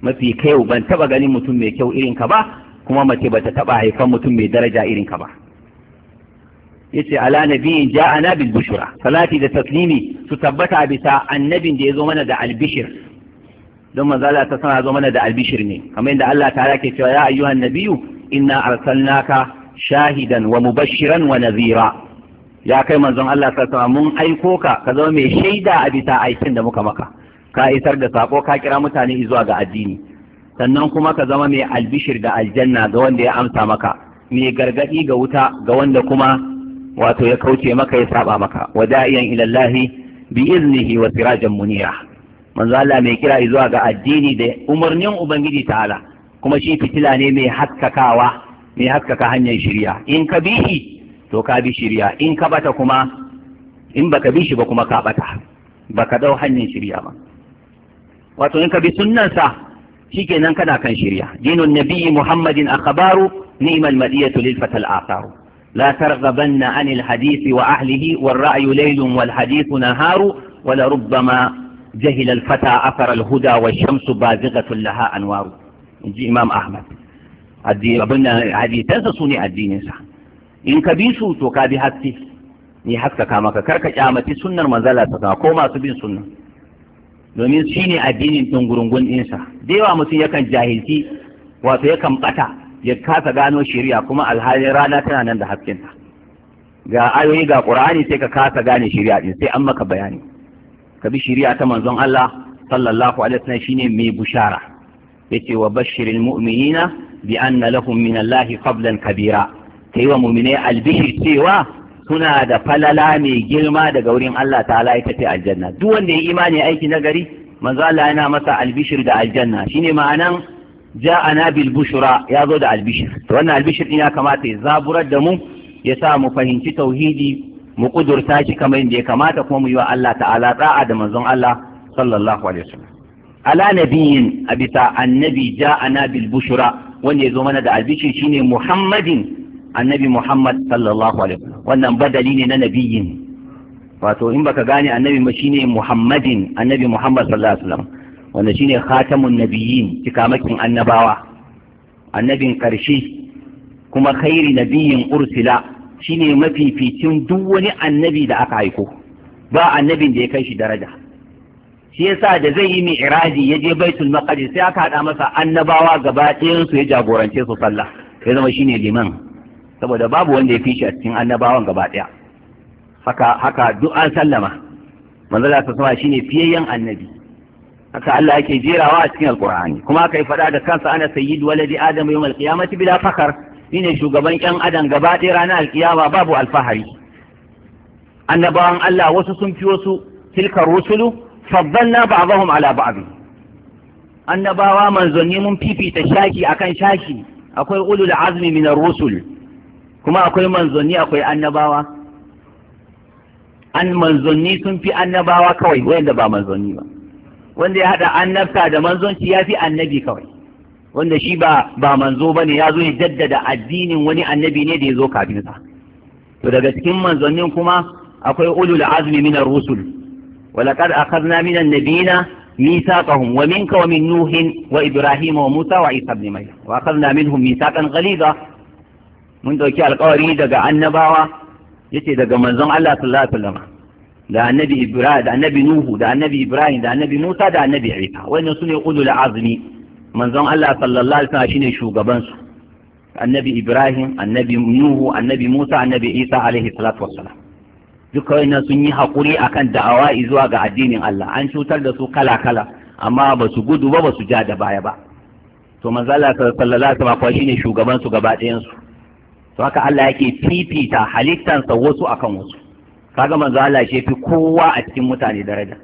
A: mafi kyau ban taba ganin mutum mai kyau irin ka ba kuma mace bata taba haifan mutum mai daraja irin ka ba yace ala nabiyin ja'ana bil bushra salati da taslimi su tabbata bisa annabin da zo mana da albishir don manzo Allah ta sana zo mana da albishir ne kamar yadda Allah ta'ala ke cewa ya ayyuhan nabiyyu inna arsalnaka shahidan wa mubashiran wa nadhira ya kai manzon Allah ta sama mun aiko ka ka zama mai shaida a bisa aikin da muka maka ka isar da sako ka kira mutane zuwa ga addini sannan kuma ka zama mai albishir da aljanna ga wanda ya amsa maka mai gargadi ga wuta ga wanda kuma wato ya kauce maka ya saba maka wada'iyan ilallahi bi iznihi wa sirajan munira manzo Allah mai kira zuwa ga addini da umarnin ubangiji ta'ala kuma shi fitila ne mai haskakawa mai haskaka hanyar shirya in ka bihi to ka bi shirya in ka bata kuma in baka bi shi ba kuma ka bata baka dau hanyar shirya ba wato in ka bi sunnansa shikenan kana kan shirya dinun nabiyyi muhammadin akhbaru ni'mal madiyatu lil fatal atharu la targhabanna anil hadisi wa ahlihi wal ra'yu laylun wal hadithu naharu wa la rubbama jahila al fata athara al huda wa shamsu bazighatun laha anwaru inji imam ahmad addini abin hadisansa su addininsa in ka bi su to ka bi haske ni haskaka maka karka kyamaci sunnar manzala ta ko masu bin sunnar domin shi ne addinin tungurungun ɗinsa da yawa mutum yakan jahilci wato yakan bata ya kasa gano shiriya kuma alhalin rana tana nan da haskinta ga ayoyi ga ƙur'ani sai ka kasa gane shiriya ɗin sai an maka bayani ka bi shiriya ta manzon Allah sallallahu alaihi wasallam shine mai bushara yace wa bashiril mu'minina bi anna lahum min Allah fadlan kabira kai wa mu'mine albishir cewa suna da falala mai girma daga wurin Allah ta'ala ita ce aljanna duk wanda ya imani aiki na gari manzo Allah yana masa albishir da aljanna shine ma'anan ja'ana bil bushra ya zo da albishir to wannan albishir din ya kamata ya zaburar da mu ya sa mu fahimci tauhidi mu kudurta shi kamar yadda ya kamata kuma mu yi wa Allah ta'ala da'a da manzon Allah sallallahu alaihi wasallam ala nabiyin a annabi ja'ana bil bushra wanda ya zo mana da albishir shine muhammadin annabi muhammad sallallahu alaihi wasallam wannan badali ne na nabiyin. wato in baka gane annabi ma shine muhammadin annabi muhammad sallallahu alaihi wasallam wanda shine khatamun nabiyin cikamakin annabawa annabin karshe kuma khairi nabiyyin ursila shine mafificin duk wani annabi da aka haiko ba annabin da ya kai shi daraja shi yasa da zai yi mi'raji ya je baitul maqdis sai aka hada masa annabawa gaba ɗayan su ya jagorance su sallah ya zama shine liman saboda babu wanda ya fi shi a cikin annabawan gaba ɗaya haka haka duk sallama manzo Allah sama shine fiyayyen annabi haka Allah yake jerawa a cikin alqur'ani kuma aka yi fada da kansa ana sayyid waladi adam yawm alqiyamati bila fakar shine shugaban yan adam gaba ɗaya ranar alkiyama babu alfahari annabawan Allah wasu sun fi wasu tilka rusulu faddalna ba'dahum ala ba'd annabawa manzanni mun fifita shaki akan shaki akwai ulul azmi min ar-rusul kuma akwai manzanni akwai annabawa an manzanni sun fi annabawa kawai wanda ba manzanni ba wanda ya haɗa annabta da manzonci ya fi annabi kawai wanda shi ba ba manzo ba ne ya zo ya jaddada addinin wani annabi ne da ya zo kafin sa to daga cikin manzannin kuma akwai ulul azmi min ar-rusul wa laqad akhadna min an-nabiyina mithaqahum wa minka wa min nuhin wa ibrahim wa musa wa isa ibn maryam wa akhadna minhum mithaqan ghaliza mun ɗauki alkawari daga annabawa yace daga manzon Allah sallallahu alaihi wasallam da annabi Ibrahim da annabi Nuhu da annabi Ibrahim da annabi Musa da annabi Isa wannan sune ulul azmi manzon Allah sallallahu alaihi wasallam shine shugaban su annabi Ibrahim annabi Nuhu annabi Musa annabi Isa alaihi salatu wassalam duka wannan sun yi hakuri akan da'awa zuwa ga addinin Allah an cutar da su kala kala amma ba su gudu ba ba su ja da baya ba to manzon Allah sallallahu alaihi wasallam shine shugaban su gaba ɗayan su to haka Allah yake fifita halittansa wasu akan wasu kaga manzo Allah shi fi kowa a cikin mutane daraja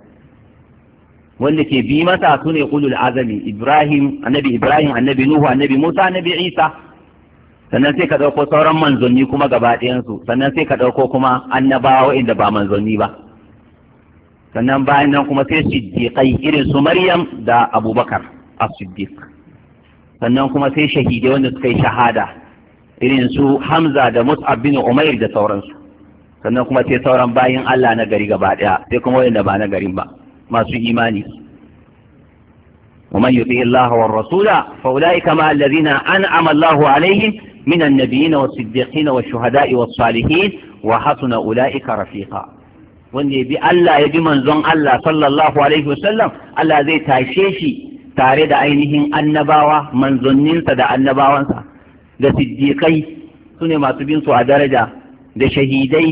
A: wanda ke bi masa sune ulul azami Ibrahim annabi Ibrahim annabi Nuhu annabi Musa annabi Isa sannan sai ka dauko sauran manzanni kuma gaba ɗayansu sannan sai ka dauko kuma annabawa inda ba manzanni ba sannan bayan nan kuma sai siddiqai irin su Maryam da Abubakar as-Siddiq sannan kuma sai shahidai wanda suka yi shahada irin su Hamza da Mus'ab bin Umair da sauransu sannan kuma sai sauran bayin Allah na gari gaba daya sai kuma wanda ba na garin ba masu imani ومن يطيع الله والرسول فأولئك مع الذين أنعم الله عليهم من النبيين والصديقين والشهداء والصالحين وحسن أولئك رفيقا wanda ya bi Allah ya bi manzon Allah sallallahu alaihi wasallam Allah zai tashe shi tare da ainihin annabawa manzonninsa da annabawansa da siddiƙai su ne masu bin su a daraja da shahidai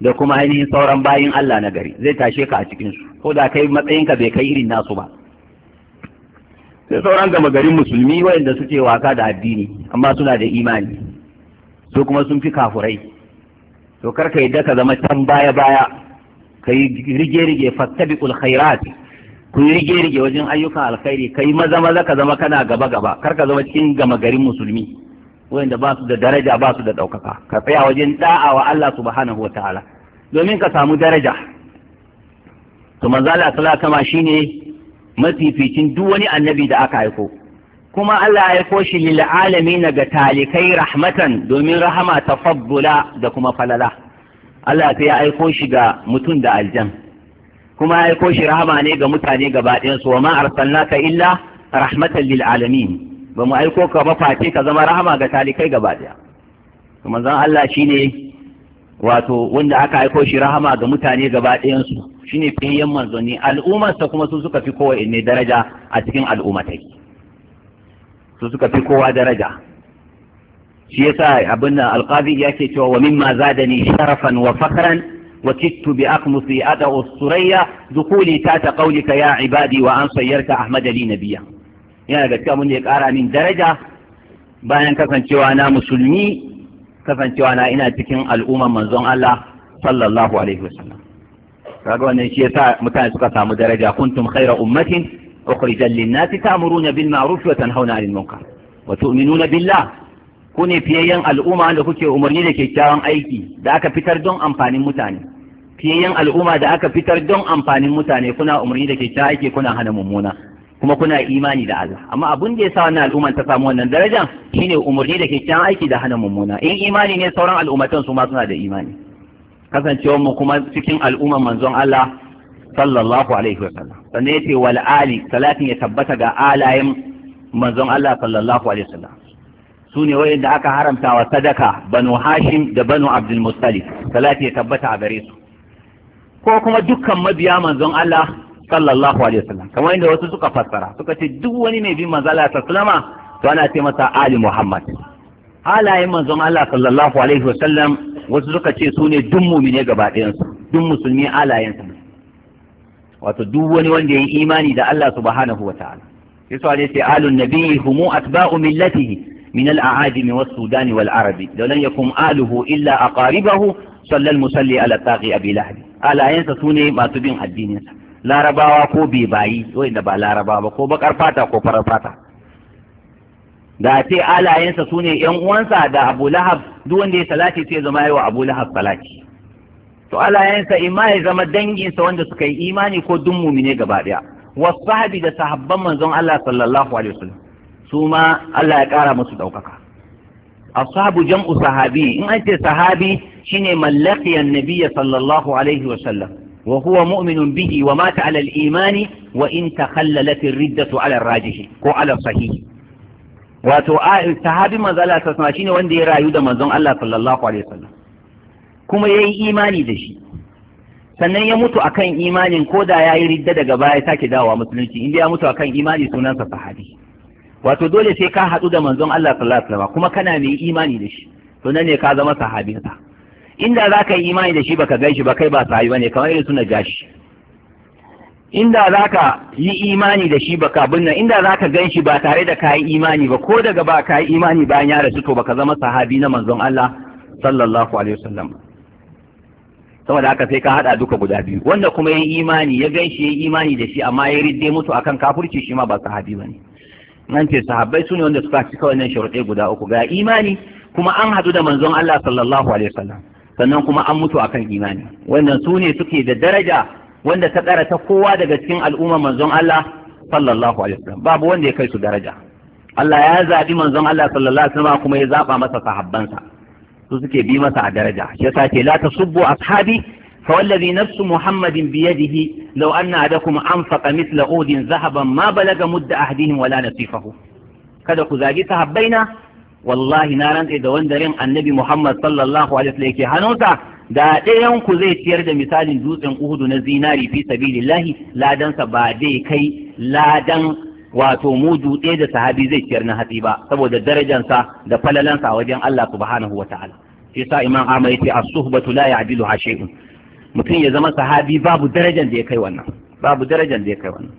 A: da kuma ainihin sauran bayin Allah na gari zai tashe ka a cikinsu ko da kai matsayinka bai kai irin nasu ba sai sauran gama garin musulmi su suke waka da addini amma suna da imani su kuma sun fi kafurai to kar ka yadda ka zama can baya baya ka yi rige-rige fattabiqul khairat ku yi rige-rige wajen ayyukan alkhairi kai yi maza maza ka zama kana gaba gaba kar ka zama cikin gama garin musulmi wanda ba su da daraja ba su da ɗaukaka ka tsaya wajen da'a wa Allah subhanahu wa ta'ala domin ka samu daraja to manzo Allah sallallahu shine mafificin duk wani annabi da aka aiko kuma Allah ya aiko shi lil alamin ga talikai rahmatan domin rahama tafaddula da kuma falala Allah sai ya aiko shi ga mutum da aljan kuma ya aiko shi rahama ne ga mutane gaba ɗayan su wa ma arsalnaka illa rahmatan lil alamin ba mu aiko ka ba ka zama rahama ga talikai gaba daya zan Allah ne wato wanda aka aiko shi rahama ga mutane gaba ɗayansu shine fiyayyen manzanni al'ummarsa kuma su suka fi kowa ne daraja a cikin al'ummatai su suka fi kowa daraja shi yasa abin nan alqazi yake cewa wa mimma zadani sharafan wa fakran wa kittu bi akmusi ada usurayya dukuli ta ta qaulika ya ibadi wa an sayyarta ahmad li yana da kyau da ya ƙara min daraja bayan kasancewa na musulmi kasancewa na ina cikin al'umman manzon Allah sallallahu alaihi wasallam kaga wannan shi yasa mutane suka samu daraja kuntum khaira ummatin ukhrijal lin-nas ta'muruna bil ma'ruf wa tanhauna 'anil munkar wa tu'minuna billah kune fiyayyen al'umma da kuke umarni da kyakkyawan aiki da aka fitar don amfanin mutane fiyayyen al'umma da aka fitar don amfanin mutane kuna umarni da kyakkyawan aiki kuna hana mummuna kuma kuna imani da Allah amma abin da yasa wannan al'umma ta samu wannan daraja shine umurni da kyakkyawan aiki da hana mummuna in imani ne sauran al'ummatan su ma suna da imani kasancewar mu kuma cikin al'umman manzon Allah sallallahu alaihi wa sallam sannan yace wal ali salatin ya tabbata ga alayen manzon Allah sallallahu alaihi wa sallam su ne wayanda aka haramta wa sadaka banu hashim da banu abdul mustalif salati ya tabbata a gare su ko kuma dukkan mabiya manzon Allah sallallahu alaihi wasallam kamar inda wasu suka fassara suka ce duk wani mai bin manzo Allah sallama to ana ce masa ali muhammad halayen manzon Allah sallallahu alaihi wasallam wasu suka ce su ne duk mumine gaba ɗayan su duk musulmi halayen su wato duk wani wanda yayi imani da Allah subhanahu wataala sai su alai ce alun nabiyyi humu atba'u millatihi من الأعاجم والسودان والعرب ولن يكن آله إلا أقاربه صلى المصلي على الطاغي أبي لهب ألا ينسى سوني ما تبين الدين ينسى larabawa ko bebayi da ba larabawa ba ko bakar fata ko farar fata da ce alayensa su ne ‘yan uwansa da abu lahab duk wanda ya salati sai zama yawa abu lahab salati to alayensa imma ya zama danginsa wanda suka yi imani ko dun mumine gaba daya wasu sahabi da sahabban manzon Allah sallallahu alaihi wasallam su ma Allah ya kara musu daukaka ashabu jam'u sahabi in an ce sahabi shine mallaqiyan Nabiya sallallahu alaihi wasallam wa huwa mu'minun bihi wa mata ala al-imani wa in takhallalat ar-riddatu ala ar-rajih ko ala sahih wato sahabi manzo Allah sallallahu alaihi shine wanda ya rayu da manzon Allah sallallahu alaihi wasallam kuma yayi imani da shi sannan ya mutu akan imanin ko da yayi ridda daga baya sake dawowa musulunci inda ya mutu akan imani sunansa sahabi wato dole sai ka haɗu da manzon Allah sallallahu alaihi wasallam kuma kana mai imani da shi to nan ne ka zama sahabinsa inda za ka yi imani da shi baka gan shi ba kai ba sahabi ne kamar irin suna gashi inda za ka yi imani da shi ba ka binna inda za ka gan shi ba tare da ka yi imani ba ko daga ba ka yi imani bayan ya rasu to baka zama sahabi na manzon Allah sallallahu alaihi wasallam saboda haka sai ka hada duka guda biyu wanda kuma ya yi imani ya gan shi ya yi imani da shi amma ya ridde mutu akan kafirci shi ma ba sahabi bane nan ce sahabbai su ne wanda suka cika wannan sharuɗe guda uku ga imani kuma an hadu da manzon Allah sallallahu alaihi wasallam sannan kuma an mutu akan imani wannan su ne suke da daraja wanda ta tsara ta kowa daga cikin al'umma manzon Allah sallallahu alaihi wasallam babu wanda ya kai su daraja Allah ya zabi manzon Allah sallallahu alaihi wasallam kuma ya zaba masa sahabbansa su suke bi masa a daraja shi yasa ce la tasubbu ashabi فوالذي muhammadin محمد بيده da kuma أحدكم أنفق مثل أود ذهبا ما بلغ mudda أحدهم wala نصيفه kada ku zagi sahabbaina wallahi na rantse da wanda ran annabi Muhammad sallallahu alaihi wasallam yake hannunsa da ɗayan ku zai ciyar da misalin dutsen Uhudu na zinari fi sabilillahi Ladan sa ba zai kai ladan wato mudu ɗaya da sahabi zai ciyar na hatsi ba saboda darajansa da falalansa a wajen Allah subhanahu wataala shi sa imam Ahmad yace as-suhbatu la ya'dilu shay'un mutum ya zama sahabi babu darajan da ya kai wannan babu darajan da ya kai wannan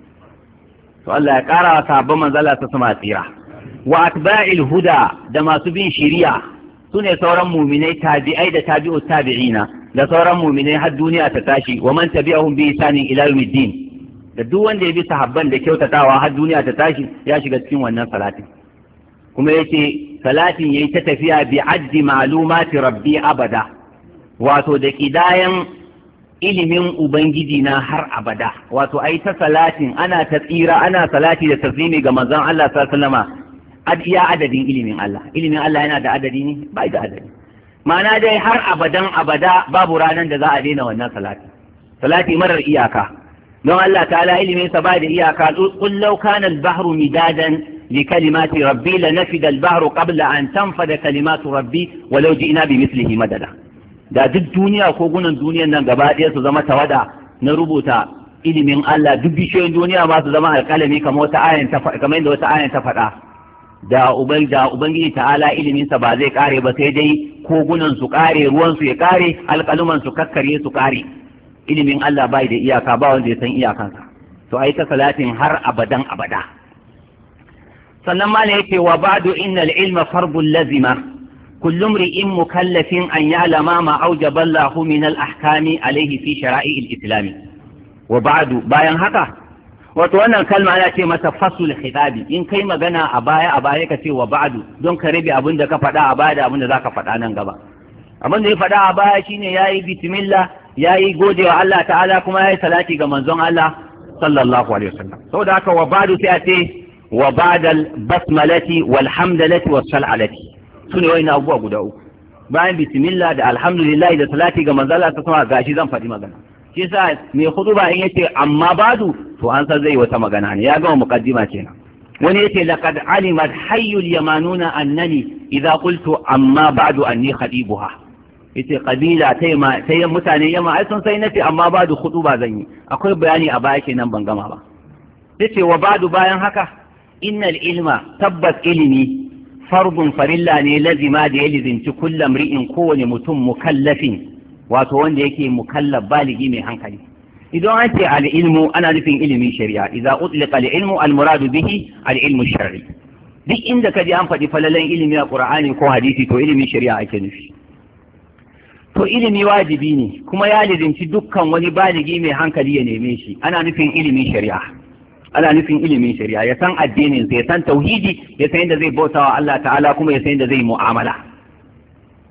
A: to Allah ya ƙara wa sahabban manzala ta sama tsira wa atba'il huda da masu bin shiriya sune sauran muminai tabi'ai da tabi'u tabi'ina da sauran muminai har duniya ta tashi wa man tabi'ahum bi isanin ila yawmiddin da duk wanda ya bi sahabban da kyautatawa har duniya ta tashi ya shiga cikin wannan salatin kuma yace salatin yayi ta tafiya bi addi ma'lumati rabbi abada wato da kidayan ilimin ubangiji na har abada wato ai ta salatin ana ta tsira ana salati da taslimi ga manzon Allah sallallahu alaihi wasallama iya adadin ilimin Allah ilimin Allah yana da adadi ne ba da adadi ma'ana dai har abadan abada babu ranar da za a daina wannan salati salati marar iyaka don Allah ta'ala ilimin sa ba da iyaka Kullau law kana al-bahru midadan li kalimati rabbi la nafida al-bahru qabla an tanfada kalimatu rabbi walau ji'na bi mithlihi madada da duk duniya ko gunan duniyar nan gaba ɗaya su zama tawada na rubuta ilimin Allah duk bishiyoyin duniya ma su zama alƙalami kamar wata ayan ta kamar yadda wata ayan ta faɗa da uban da ubangiji ta'ala ilimin sa ba zai kare ba sai dai kogunan su kare ruwan su ya kare alƙaluman su kakkare su kare ilimin Allah bai da iyaka ba wanda ya san iyakansa to ai ta salatin har abadan abada sannan ma yake wa ba'du innal ilma farbun lazima kullum mri'in mukallafin an ya'lama ma aujaballahu Allahu min al-ahkami alaihi fi shara'i al-islami wa ba'du bayan haka wato wannan kalma ana ce masa fasul khitabi in kai magana a baya a baya ka ce wa ba'du don ka rabe abin da ka faɗa a baya da abin da zaka faɗa nan gaba abin da ya faɗa a baya shine yayi bismillah yayi godewa Allah ta'ala kuma yayi salati ga manzon Allah sallallahu alaihi wasallam saboda haka wa ba'du sai a ce wa ba'dal basmalati wal hamdalati was salalati sune wayna abubuwa guda uku bayan bismillah da alhamdulillah da salati ga manzon Allah ta gashi zan faɗi magana shi sa mai ba in yace amma badu to an san zai wata magana ne ya gama muqaddima kenan wani yace laqad alimat hayyul yamanuna annani idza qultu amma ba'du anni khadibuha yace kabila tai ma tai mutane yamma ai sun sai nafi amma badu ba zan yi akwai bayani a baya kenan ban gama ba yace wa badu bayan haka innal ilma tabbas ilimi fardun farilla ne lazima da ya lizinci kullam ri'in kowane mutum mukallafin wato wanda yake mukallab baligi mai hankali idan an ce al-ilmu ana nufin ilimin shari'a idza utliqa al-ilmu al-muradu bihi al-ilmu shar'i duk inda ka ji an faɗi falalan ilimi a ƙur'ani ko hadisi to ilimin shari'a ake nufi to ilimi wajibi ne kuma ya lizinci dukkan wani baligi mai hankali ya neme shi ana nufin ilimin shari'a ana nufin ilimin shari'a ya san addinin ya san tauhidi ya san yadda zai bautawa Allah ta'ala kuma ya san yadda zai mu'amala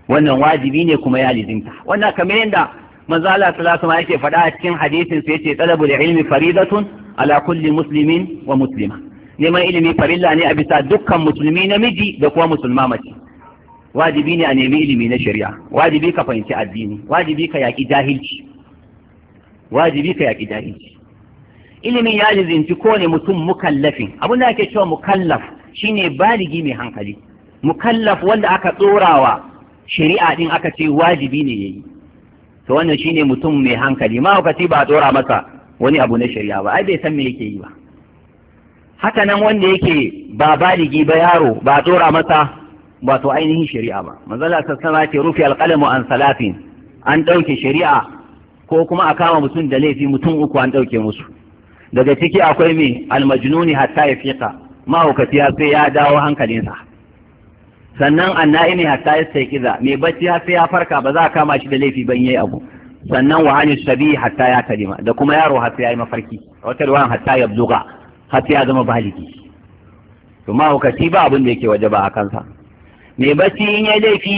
A: wannan wajibi ne kuma ya lizinta wannan kamar yadda manzo Allah sallallahu alaihi yake faɗa a cikin hadisin sai yace talabul ilmi faridatun ala kulli muslimin wa muslima neman ilimi farilla ne a bisa dukkan musulmi namiji da kuma musulma mace wajibi ne a nemi ilimi na shari'a wajibi ka fahimci addini wajibi ka yaki jahilci wajibi ka yaki jahilci ilimin ya lizinci kowane mutum mukallafin abin da ake cewa mukallaf shine baligi mai hankali mukallaf wanda aka tsorawa shari'a din aka ce wajibi ne yayi to wannan shine mutum mai hankali ma ba a dora masa wani abu na shari'a ba ai bai san me yake yi ba haka nan wanda yake ba baligi ba yaro ba a dora masa wato ainihin shari'a ba manzala sassana ce rufi alƙalamu an salafin an ɗauke shari'a ko kuma a kama mutum da laifi mutum uku an ɗauke musu daga ciki akwai mai almajnuni hatta ya fiƙa mahaukaci ya sai ya dawo hankalinsa sannan annai ne hatta ya sai kiza mai bacci har sai ya farka ba za a kama shi da laifi ban yayi abu sannan wa anil sabi hatta ya kalima da kuma yaro har sai ya yi mafarki wata ruwan hatta ya buga har sai ya zama baligi to ma hukaci ba abin da yake waje ba a kansa mai bacci in yayi laifi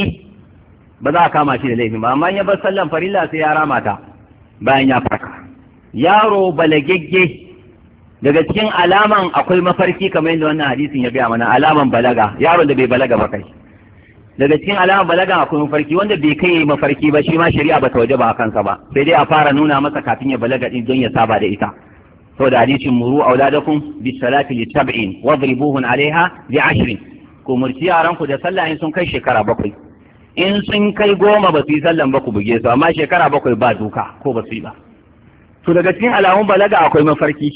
A: ba za a kama shi da laifi ba amma in ya bar sallan farilla sai ya rama ta bayan ya farka yaro balagegge daga cikin alaman akwai mafarki kamar yadda wannan hadisin ya gaya mana alaman balaga yaron da bai balaga ba kai daga cikin alaman balaga akwai mafarki wanda bai kai mafarki ba shi ma shari'a bata waje ba kansa ba sai dai a fara nuna masa kafin ya balaga din don ya saba da ita saboda hadisin muru auladakum bis salati li tab'in wadribuhun alaiha bi ashrin ku murci yaranku da sallah in sun kai shekara bakwai in sun kai goma ba su yi sallan ba ku buge su amma shekara bakwai ba duka ko ba su yi ba to daga cikin alamun balaga akwai mafarki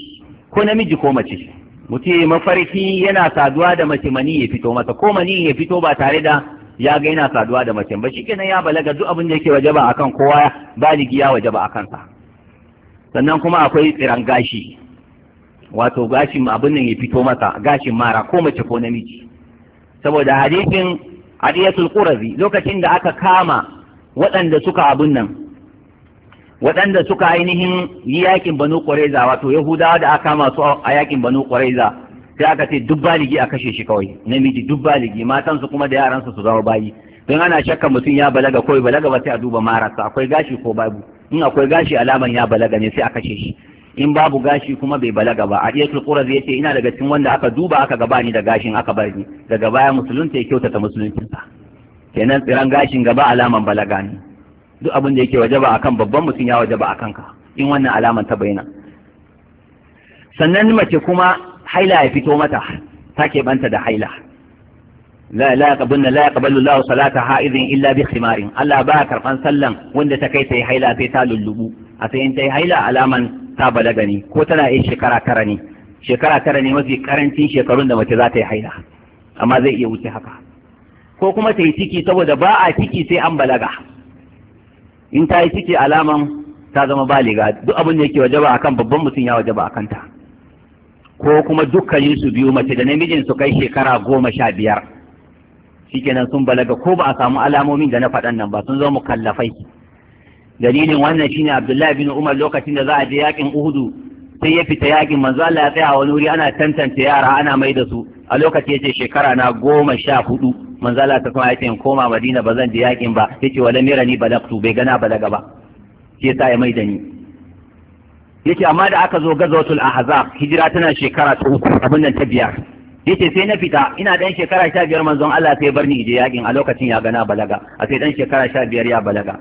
A: ko namiji ko mace mutum ya mafarki yana saduwa da mace mani ya fito masa ko mani ya fito ba tare da ya ga yana saduwa da mace ba shikenan ya balaga duk abin da yake ba akan kowa ba baligi ya ba akan sa sannan kuma akwai tsiran gashi wato gashin abin nan ya fito masa gashin mara ko mace ko namiji saboda hadisin adiyatul qurazi lokacin da aka kama waɗanda suka abin nan waɗanda suka ainihin yi yakin banu ƙwareza wato yahudawa da aka masu a yakin banu ƙwareza sai aka ce duk baligi a kashe shi kawai namiji duk baligi matansu kuma da yaransu su zama bayi don ana shakka mutum ya balaga kawai balaga ba sai a duba marasa akwai gashi ko babu in akwai gashi alaman ya balaga ne sai a kashe shi in babu gashi kuma bai balaga ba a iyatul qura zai ce ina daga cikin wanda aka duba aka gaba ni da gashin aka bar ni daga baya musulunta ya kyautata musuluncinsa kenan tsiran gashin gaba alaman balaga ne duk abin da yake wajaba kan babban mutum ya wajaba a kanka, in wannan alaman ta bayyana sannan mace kuma haila ya fito mata ta banta da haila la la yaqbalna la yaqbalu Allahu salata ha'izin illa bi khimarin Allah ba karban sallan wanda ta kai ta haila sai ta lullubu a sai in ta haila alaman ta balaga ne ko tana yin shekara tara ne shekara tara ne mafi karancin shekarun da mace za ta yi haila amma zai iya wuce haka ko kuma ta yi ciki saboda ba a ciki sai an balaga in ta yi ciki alaman ta zama baliga duk abin da yake wajaba akan babban mutum ya wajaba akan ta ko kuma dukkanin su biyu mace da namijin su kai shekara goma sha biyar shikenan sun balaga ko ba a samu alamomin da na faɗan nan ba sun zama mukallafai dalilin wannan shine Abdullahi bin Umar lokacin da za a je yakin Uhudu sai ya fita yaƙin, manzo Allah ya tsaya wani wuri ana tantance yara ana mai da su a lokaci yace shekara na goma sha hudu manzo Allah ta kuma yace in koma Madina ba zan je yaƙin ba yace wala ni balaqtu bai gana balaga ba shi sa ya mai da ni yace amma da aka zo gazawatul ahzab hijira tana shekara ta uku abin nan ta biyar yace sai na fita ina dan shekara sha biyar manzon Allah sai bar ni je yaƙin, a lokacin ya gana balaga a sai dan shekara sha biyar ya balaga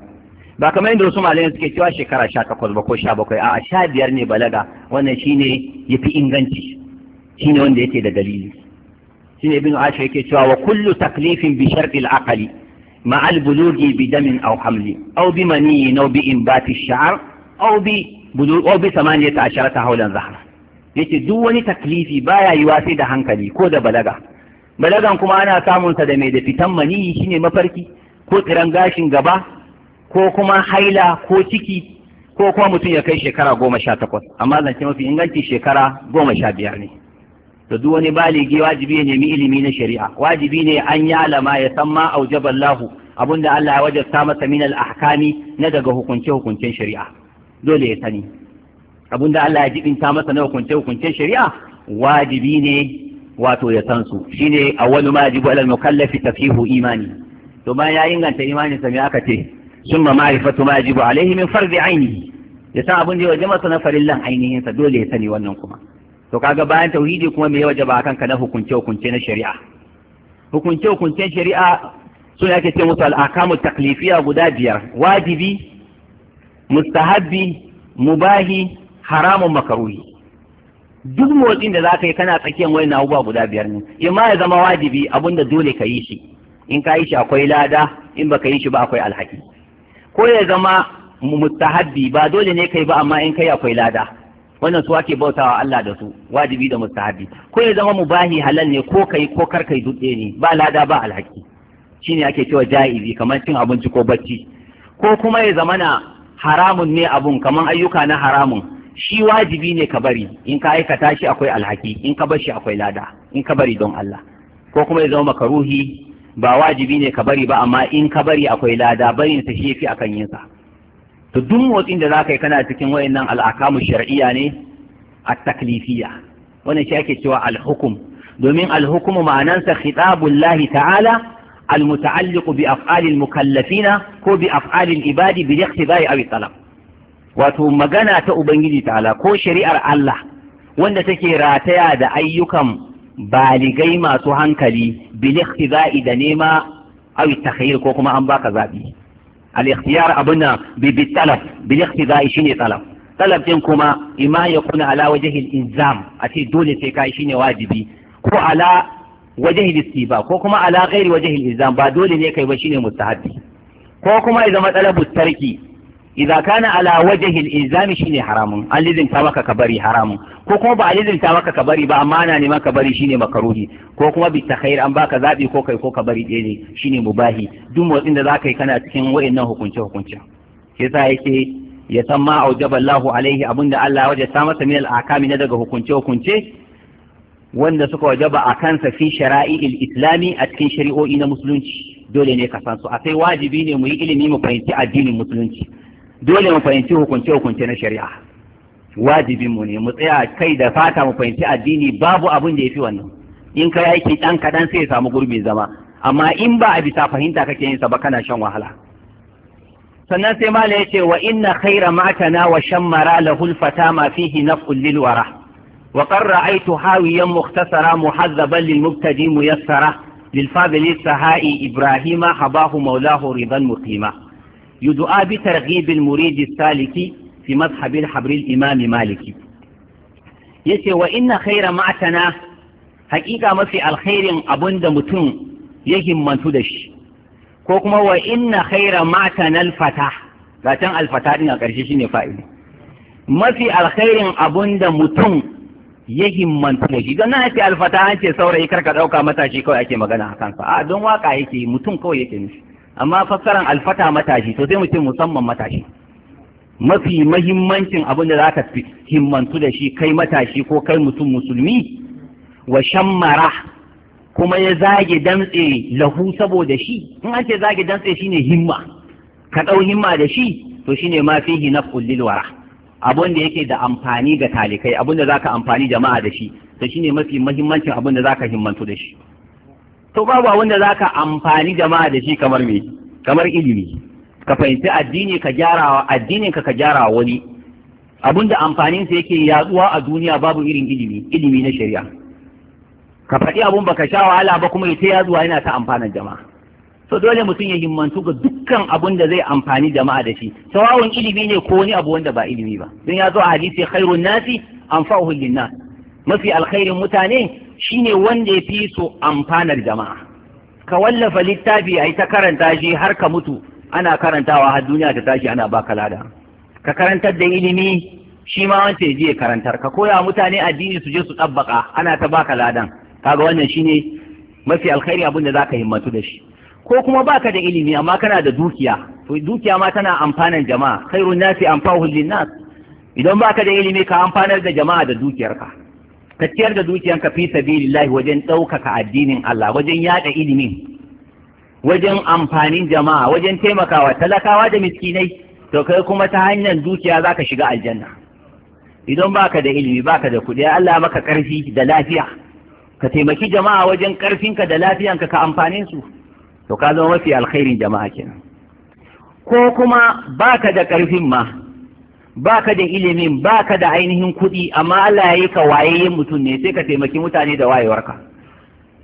A: ba kamar yadda wasu malamai suke cewa shekara sha takwas ba ko sha bakwai a sha biyar ne balaga wannan shine ya fi inganci shine wanda yake da dalili shine ibn ashir yake cewa wa kullu taklifin bi shar'il aqli bi البلوغ بدم أو حمل أو بمني أو بإنبات bi أو ببلوغ أو بثمانية ta haulan ظهرا yace duk wani taklifi baya yi wasi da hankali ko da balaga balagan kuma ana samun sa da mai da fitan maniyi shine mafarki ko tsiran gashin gaba ko kuma haila ko ciki ko kuma mutum ya kai shekara goma sha takwas amma zance mafi inganci shekara goma sha biyar ne to duk wani baligi wajibi ya nemi ilimi na shari'a wajibi ne an yi alama ya san ma aujaballahu abinda Allah ya wajabta masa min al-ahkami na daga hukunce hukuncen shari'a dole ya sani abinda Allah ya jibinta masa na hukunce hukuncen shari'a wajibi ne wato ya san su shine awwalu ma yajibu mukallafi tafihu imani to bayan ya inganta imanin sa me aka ce summa ma'rifatu ma yajibu alaihi min fardi ainihi ya san abin da ya masa na farillan ainihin sa dole ya sani wannan kuma to kaga bayan tauhidi kuma me ya wajaba akan ka na hukunce hukunce na shari'a hukunce hukuncen shari'a suna yake ce musu al'akamu taklifiya guda biyar wajibi mustahabbi mubahi haramun makaruhi duk motsin da za yi kana tsakiyar wani nahuwa guda biyar ne ma ya zama wajibi da dole ka yi shi in ka yi shi akwai lada in baka yi shi ba akwai alhaki ko ya zama mustahabbi ba dole ne kai ba amma in kai akwai lada wannan su ake bautawa Allah da su wajibi da mustahabbi ko ya zama mubahi halal ne ko kai ko kar kai dutse ne ba lada ba alhaki shine ake cewa jaizi kamar cin abinci ko bacci ko kuma ya zama na haramun ne abun kamar ayyuka na haramun shi wajibi ne ka bari in ka aikata shi akwai alhaki in ka bar shi akwai lada in ka bari don Allah ko kuma ya zama makaruhi ba wajibi ne ka bari ba amma in ka bari akwai lada bari ta shefi a kan yinsa. to duk motsin da zaka yi kana cikin wayannan al'akamu shar'iyya ne a taklifiya. wannan shi ake cewa al-hukum domin al-hukum ma'anansa khitabullahi ta'ala المتعلق بأفعال bi كو بأفعال العباد بالاقتداء أو الطلب wato magana ta Ubangiji ta'ala ko shari'ar Allah wanda take rataya da ayyukan baligai masu hankali bil ikhtiza'i da nema awi takhayyur ko kuma an baka zabi al ikhtiyar abuna bi bi talab bil ikhtiza'i shine talab talab din kuma imma kuna ala wajhi al ilzam a ce dole sai kai shine wajibi ko ala wajhi al istiba ko kuma ala ghairi wajhi al ilzam ba dole ne kai ba shine mustahabi ko kuma idan matsalar tarki Iza kana ala wajhi al-ilzami shine haramun an lizinta maka ka bari haramun ko kuma ba a lizinta maka ka bari ba amma ana neman ka bari shine makaruhi ko kuma bi takhair an baka zabi ko kai ko ka bari ɗaya ne shine mubahi duk motsin da zaka yi kana cikin wayannan hukunce hukunce sai sa yake ya san ma aujaba Allahu alaihi abinda Allah waje ta masa min al-akami na daga hukunce hukunce wanda suka wajaba a kansa fi shara'il islami a cikin shari'o'i na musulunci dole ne ka san su a wajibi ne mu yi ilimi mu fahimci addinin musulunci dole mu fahimci hukunce hukunce na shari'a wajibin mu ne mu tsaya kai da fata mu fahimci addini babu abin da yafi wannan in ka aiki dan kadan sai ya samu gurbi zama amma in ba a bisa fahimta kake yin sa ba kana shan wahala sannan sai mala ya ce wa inna khaira matana wa shammara lahul hulfata ma fihi naf'ul lil wara wa qad ra'aytu hawiyan mukhtasara muhazzaban lil mubtadi muyassara lil sahai ibrahima habahu maulahu ridan muqima يدعى بترغيب المريد السالك في مذهب الحبر الإمام مالك يسي وإن خير معتنا حقيقة ما في الخير أبند متن يهم من تدش كوكما وإن خير معتنا الفتح لا تن الفتح دين أكرشيشين فائل ما في الخير أبند متن ya himmanta da shi don nan ce alfata an ce saurayi karka ɗauka matashi kawai ake magana a kansa a don waka yake mutum kawai yake nufi amma fassaran alfata matashi to sai mu ce musamman matashi mafi mahimmancin abin da za ka himmantu da shi kai matashi ko kai mutum musulmi wa shammara kuma ya zage dantse lahu saboda shi in an ce zage dantse shine himma ka ɗau himma da shi to shine ma fihi na lil wara abin da yake da amfani ga talikai abin da zaka amfani jama'a da shi to shine mafi mahimmancin abin da zaka himmantu da shi to babu wanda za ka amfani jama'a da shi kamar me kamar ilimi ka fahimci addini ka gyarawa addinin ka ka gyara wani abinda amfanin sa yake yaduwa a duniya babu irin ilimi ilimi na shari'a ka faɗi abun baka sha wahala ba kuma ita yaduwa yana ta amfanar jama'a To dole mutum ya himmantu ga dukkan abun da zai amfani jama'a da shi sawawun ilimi ne ko wani abu wanda ba ilimi ba don ya zo a hadisi khairun nasi anfa'uhu lin-nas mafi alkhairin mutane Shi ne wanda ya fi su amfanar jama'a ka wallafa littafi a yi ta karanta shi har ka mutu ana karantawa har duniya ta tashi ana baka lada ka karantar da ilimi shi ma wanda ya je karantar ka koya mutane addini su je su tabbaka ana ta baka ladan kaga wannan shine mafi alkhairi abin da zaka himmatu da shi ko kuma baka da ilimi amma kana da dukiya to dukiya ma tana amfanar jama'a khairun nasi anfahu linnas idan baka da ilimi ka amfanar da jama'a da dukiyarka ka ciyar da zuciyanka fi sabilillahi wajen ɗaukaka addinin Allah wajen yaɗa ilimin wajen amfanin jama'a wajen taimakawa talakawa da miskinai to kai kuma ta hanyar dukiya zaka shiga aljanna idan baka da ilimi baka da kuɗi Allah maka ƙarfi da lafiya ka taimaki jama'a wajen ƙarfinka da lafiyanka ka amfanin su to ka zama mafi alkhairin jama'a kenan ko kuma baka da ƙarfin ma baka da ilimin baka da ainihin kuɗi amma Allah ya yi ka yin mutum ne sai ka taimaki mutane da wayewarka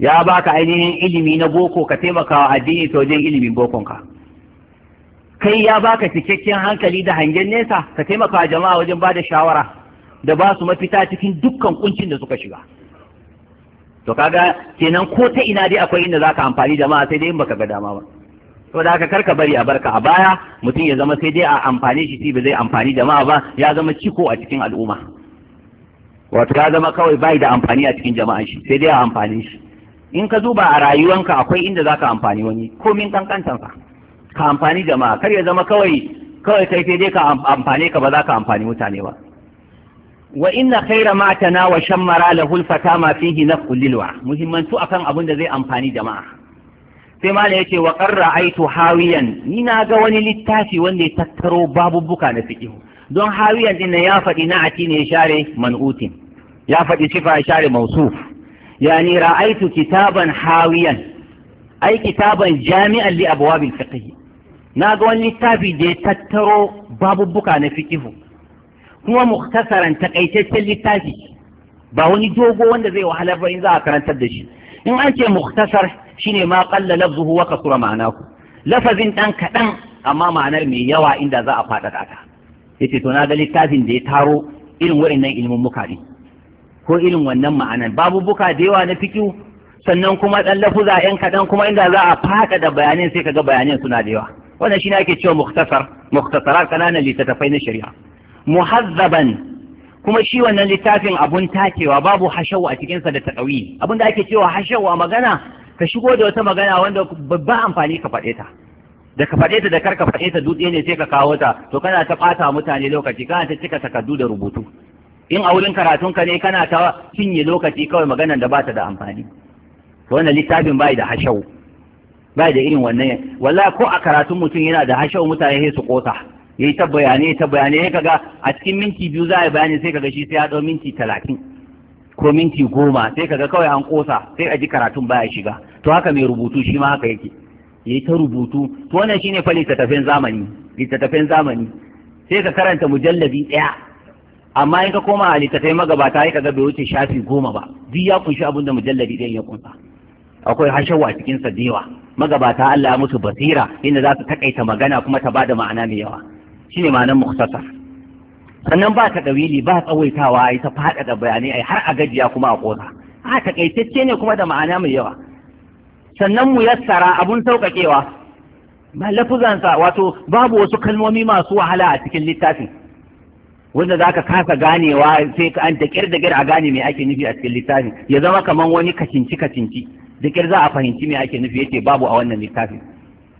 A: ya baka ainihin ilimi na boko ka taimaka wa addini ta wajen ilimin bokonka kai ya baka cikakken hankali da hangen nesa ka taimaka wa jama'a wajen ba da shawara da ba su mafita cikin dukkan kuncin da suka shiga to kaga kenan ko ta ina dai akwai inda zaka amfani jama'a sai dai in baka ga dama ba saboda haka karka bari a barka a baya mutum ya zama sai dai a amfani shi ba zai amfani jama'a ba ya zama ciko a cikin al'umma wato ya zama kawai bai da amfani a cikin jama'a shi sai dai a amfani shi in ka zuba a rayuwanka akwai inda za ka amfani wani komin kankantansa ka amfani jama'a kar ya zama kawai kawai kai sai dai ka amfane ka ba za ka amfani mutane ba wa inna khaira ma tana wa shammara lahul fata ma fihi nafqul lilwa muhimmantu akan abin da zai amfani jama'a sai ma ya ce wa qarra aitu hawiyan ni na ga wani littafi wanda ya tattaro babubbuka na fiqh don hawiyan din ya faɗi na ati ne share man'utin ya faɗi sifa share mausuf yani ra'aitu kitaban hawiyan ai kitaban jami'an li abwabil fiqh na ga wani littafi da ya tattaro babubbuka na fikihu kuma muktasaran takaitaccen littafi ba wani dogo wanda zai wahalar ba in za a karantar da shi in an ce muktasar shine ma qalla lafzuhu wa kasura ku lafazin dan kadan amma ma'anar mai yawa inda za a faɗaɗa yace to na ga littafin da ya taro irin wa'annan ilmin muka ne ko irin wannan ma'anar babu buka da yawa na fikiu sannan kuma dan lafuza yan kadan kuma inda za a faɗaɗa bayanin sai kaga bayanin suna da yawa wannan shine ake cewa muktasar muktasara kananan littattafai na shari'a muhazzaban kuma shi wannan littafin abun takewa babu hashawa a cikinsa da taƙawi abin da ake cewa hashawa magana ka shigo da wata magana wanda ba amfani ka faɗe ta da ka faɗe ta da kar ka faɗe ta dutse ne sai ka kawo ta to kana ta ɓata mutane lokaci kana ta cika takardu da rubutu in a wurin karatun ka ne kana ta cinye lokaci kawai maganan da ba ta da amfani to wannan littafin bai da hashau bai da irin wannan wallahi ko a karatun mutum yana da hashau mutane sai su kosa yayi ta bayanai ta bayanai kaga a cikin minti biyu za a bayani sai kaga shi sai ya dau minti talatin ko minti goma sai kaga kawai an kosa sai a ji karatun baya shiga to haka mai rubutu shi ma haka yake yayi ta rubutu to wannan shine fa littattafan zamani littattafan zamani sai ka karanta mujallabi ɗaya amma in ka koma a littattafai magabata sai kaga bai wuce shafi goma ba duk ya kunshi abin da mujallabi ɗayan ya kunsa akwai hashawa cikin sa dewa magabata Allah ya musu basira inda za su takaita magana kuma ta bada ma'ana mai yawa shine ma'anar mukhtasar sannan ba ta ɗawili ba tsawaitawa ai ta faɗaɗa bayanai a har a gajiya kuma a ƙosa a takaitacce ne kuma da ma'ana mai yawa sannan mu yassara abun sauƙaƙewa ba lafuzansa wato babu wasu kalmomi masu wahala a cikin littafin wanda za ka kasa ganewa sai ka an da ƙir da ƙir a gane me ake nufi a cikin littafin ya zama kamar wani kacinci kacinci da ƙir za a fahimci me ake nufi yake babu a wannan littafin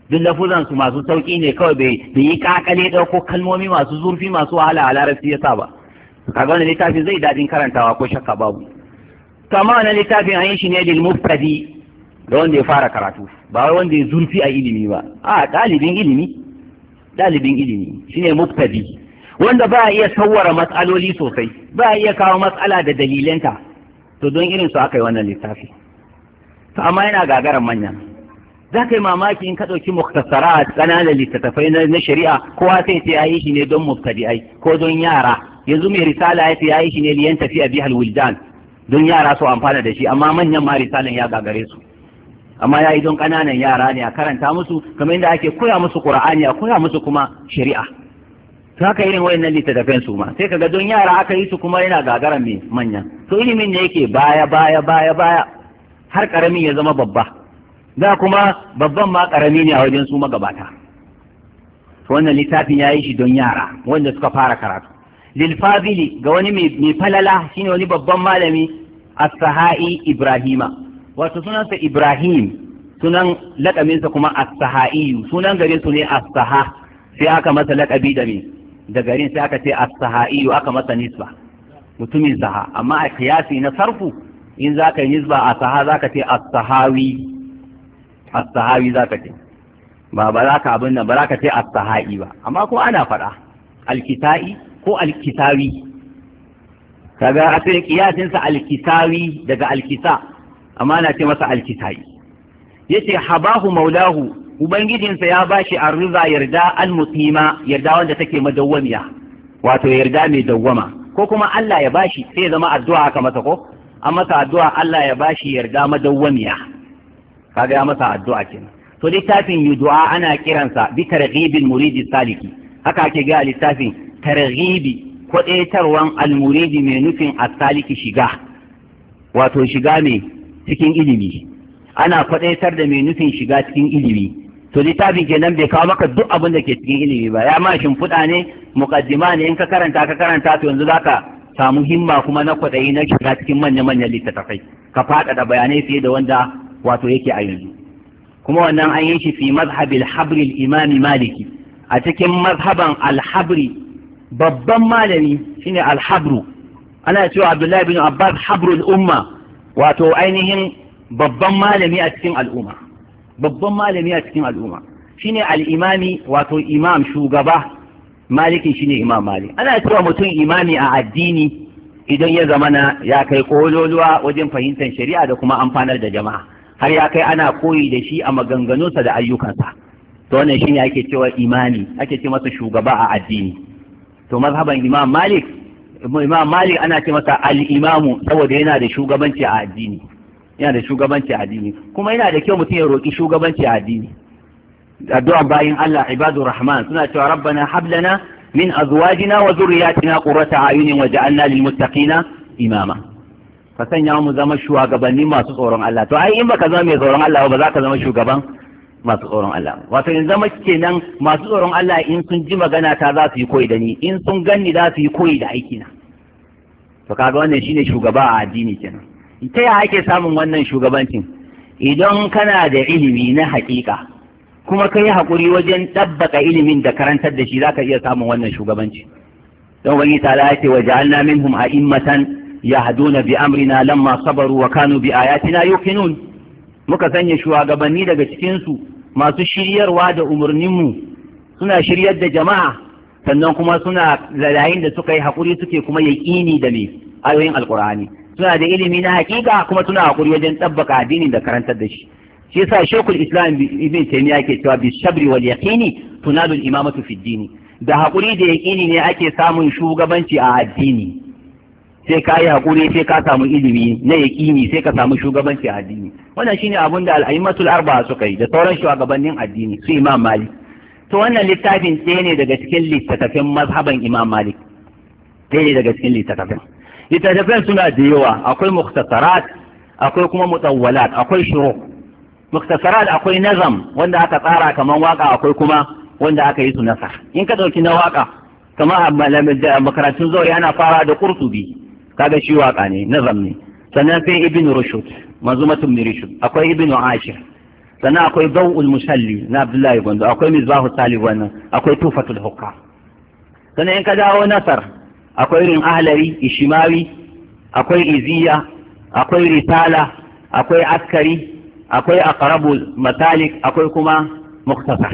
A: duk lafuzan su masu sauki ne kawai bai yi kakale ɗauko kalmomi masu zurfi masu wahala a larabci yasa ba kaga wannan littafin zai dadin karantawa ko shakka babu kama wannan littafin an yi shi ne lil da wanda ya fara karatu ba wai wanda ya zurfi a ilimi ba a dalibin ilimi dalibin ilimi shine wanda ba a iya sawwara matsaloli sosai ba iya kawo matsala da dalilanta to don irin su aka yi wannan littafi to amma yana gagarar manyan za ka yi mamaki in ka ɗauki muktasara a ƙananan littattafai na shari'a kowa sai ta ya yi shi ne don mubtadi'ai ko don yara yanzu mai risala ya ta yi shi ne liyan tafiya bihal wildan don yara su amfana da shi amma manyan ma risalan ya gagare su amma ya yi don ƙananan yara ne a karanta musu kamar yadda ake koya musu ƙura'ani a koya musu kuma shari'a to haka irin wayannan littattafan su ma sai kaga don yara aka yi su kuma yana gagaran mai manya to ilimin ne yake baya baya baya baya har ƙaramin ya zama babba da kuma babban ma karami ne a wajen su magabata to wannan littafin ya yi shi don yara wanda suka fara karatu lilfazili ga wani mai falala shine wani babban malami as-saha'i ibrahima wato sunansa ibrahim sunan lakaminsa kuma as-saha'i sunan garin su ne as-saha sai aka masa lakabi da me da garin sai aka ce as-saha'i aka masa nisba mutumin saha amma a kiyasi na sarfu in zaka yi nisba a saha zaka ce as-sahawi as za ka ce ba ba za ka abin nan ba za ka ce as ba amma ko ana faɗa al-kitai ko al-kitawi kaga asalin kiyasin sa al-kitawi daga al amma ana ce masa al-kitai yace habahu maulahu ubangijinsa ya bashi arriza yarda al-muqima yarda wanda take madawwamiya wato yarda mai dawwama ko kuma Allah ya bashi sai zama addu'a ka masa ko an masa addu'a Allah ya bashi yarda madawwamiya kaga ya masa addu'a kenan to littafin yudu'a ana kiransa bi targhibil muridi saliki haka ake ga littafin targhibi kwadaitarwan almuridi mai nufin asaliki shiga wato shiga mai cikin ilimi ana kwadaitar da mai nufin shiga cikin ilimi to littafin kenan bai kawo maka duk abin da ke cikin ilimi ba ya ma shimfiɗa ne muqaddima ne in ka karanta ka karanta to yanzu zaka samu himma kuma na kwaɗayi na shiga cikin manya-manyan littattafai ka faɗaɗa bayanai fiye da wanda wato yake a yanzu kuma wannan an yi shi fi mazhabil habri imami maliki a cikin mazhaban alhabri babban malami shine alhabru ana cewa abdullahi bin abbas habrul umma wato ainihin babban malami a cikin al'umma babban malami a cikin al'umma shine al'imami wato imam shugaba malikin shine imam malik ana cewa mutum imami a addini idan ya zamana ya kai kololuwa wajen fahimtar shari'a da kuma amfanar da jama'a har ya kai ana koyi da shi a maganganunsa da ayyukansa to wannan shine ake cewa imani ake ce masa shugaba a addini to mazhaban imam malik imam malik ana ce masa al-imamu saboda yana da shugabanci a addini yana da shugabanci a addini kuma yana da kyau mutum ya roki shugabanci a addini addu'a bayin Allah ibadur rahman suna cewa rabbana hablana min azwajina wa zurriyatina qurrata ayunin waj'alna lil muttaqina imama ka sanya mu zama shugabanni masu tsoron Allah to ai in baka zama mai tsoron Allah ba za ka zama shugaban masu tsoron Allah wato in zama kenan masu tsoron Allah in sun ji magana ta za su yi koyi da ni in sun ganni za su yi koyi da aiki na to kaga wannan shine shugaba a addini kenan ta yaya ake samun wannan shugabancin idan kana da ilimi na haƙiƙa kuma ka yi haƙuri wajen ɗabbaƙa ilimin da karantar da shi za ka iya samun wannan shugabanci don wani ya ce wa ja'alna minhum a'immatan يهدون bi لما lamma وكانوا بآياتنا يوقنون bi muka sanya shugabanni daga cikin su masu shiryarwa da umarninmu suna shiryar da jama'a sannan kuma suna yayin da suka yi haƙuri suke kuma yaƙini da mai ayoyin alƙur'ani suna da ilimi na haƙiƙa kuma suna haƙuri wajen tabbaka addinin da karantar da shi shi yasa shekul islam ibn taymiya ke cewa bi sabri wal yaqini tunalu imamatu fi da haƙuri da yaƙini ne ake samun shugabanci a addini sai ka yi haƙuri sai ka samu ilimi na yaƙini sai ka samu shugabanci addini wannan shine abin da al'aimatul arba suka yi da sauran shugabannin addini su imam malik to wannan littafin ɗaya ne daga cikin littattafin mazhaban imam malik ɗaya ne daga cikin littattafin littattafin suna da yawa akwai muktasarat akwai kuma mutawwalat akwai shuru muktasarat akwai nazam wanda aka tsara kamar waka akwai kuma wanda aka yi su nasa in ka ɗauki na waka kamar a makarantun zauri yana fara da kurtubi kaga shi waka ne nazam ne sannan sai ibn rushd manzumatun min rushd akwai ibn ashir sannan akwai dawul musalli na abdullahi gondo akwai misbahu salih wannan akwai tufatul hukka sannan in ka dawo nasar akwai irin ahlari ishimawi akwai iziya akwai risala akwai askari akwai aqrabu matalik akwai kuma muktasar